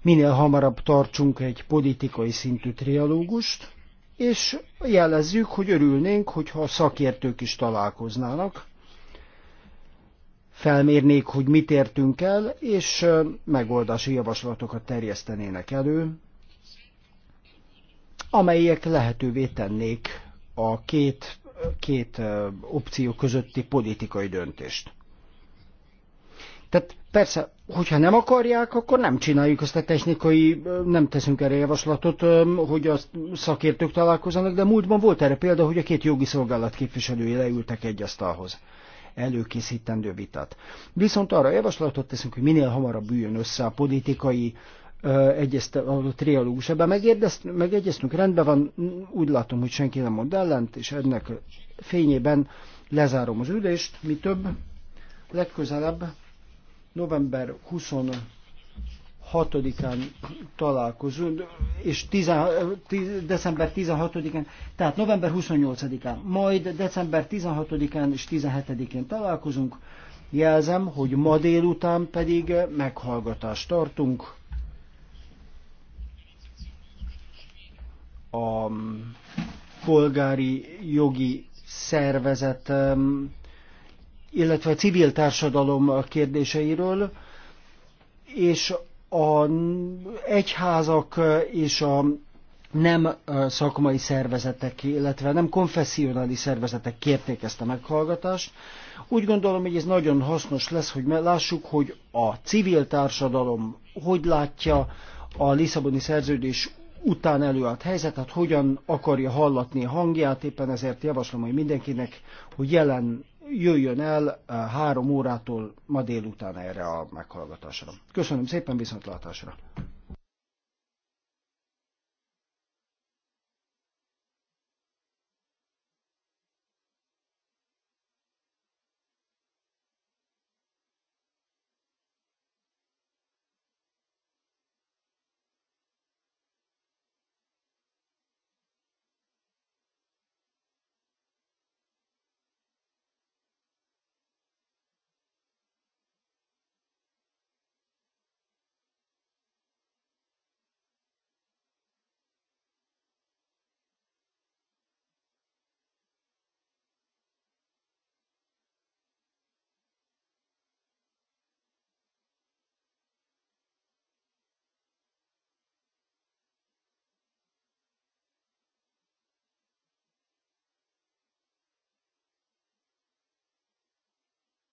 [SPEAKER 2] minél hamarabb tartsunk egy politikai szintű trialógust, és jelezzük, hogy örülnénk, hogyha a szakértők is találkoznának, felmérnék, hogy mit értünk el, és megoldási javaslatokat terjesztenének elő, amelyek lehetővé tennék a két, két opció közötti politikai döntést. Tehát persze, hogyha nem akarják, akkor nem csináljuk azt a technikai, nem teszünk erre javaslatot, hogy a szakértők találkozanak, de múltban volt erre példa, hogy a két jogi szolgálat képviselői leültek egy asztalhoz előkészítendő vitát. Viszont arra javaslatot teszünk, hogy minél hamarabb üljön össze a politikai egyezte, a trialógus. Ebben megegyeztünk, rendben van, úgy látom, hogy senki nem mond ellent, és ennek fényében lezárom az ülést, mi több, legközelebb november 26-án találkozunk, és 10, 10, december 16-án, tehát november 28-án, majd december 16-án és 17-én találkozunk. Jelzem, hogy ma délután pedig meghallgatást tartunk. A polgári jogi szervezet illetve a civil társadalom kérdéseiről, és a egyházak és a nem szakmai szervezetek, illetve nem konfessionális szervezetek kérték ezt a meghallgatást. Úgy gondolom, hogy ez nagyon hasznos lesz, hogy lássuk, hogy a civil társadalom hogy látja a Lisszaboni szerződés után előállt helyzetet, hát hogyan akarja hallatni a hangját, éppen ezért javaslom, hogy mindenkinek, hogy jelen jöjjön el három órától ma délután erre a meghallgatásra. Köszönöm szépen, viszontlátásra!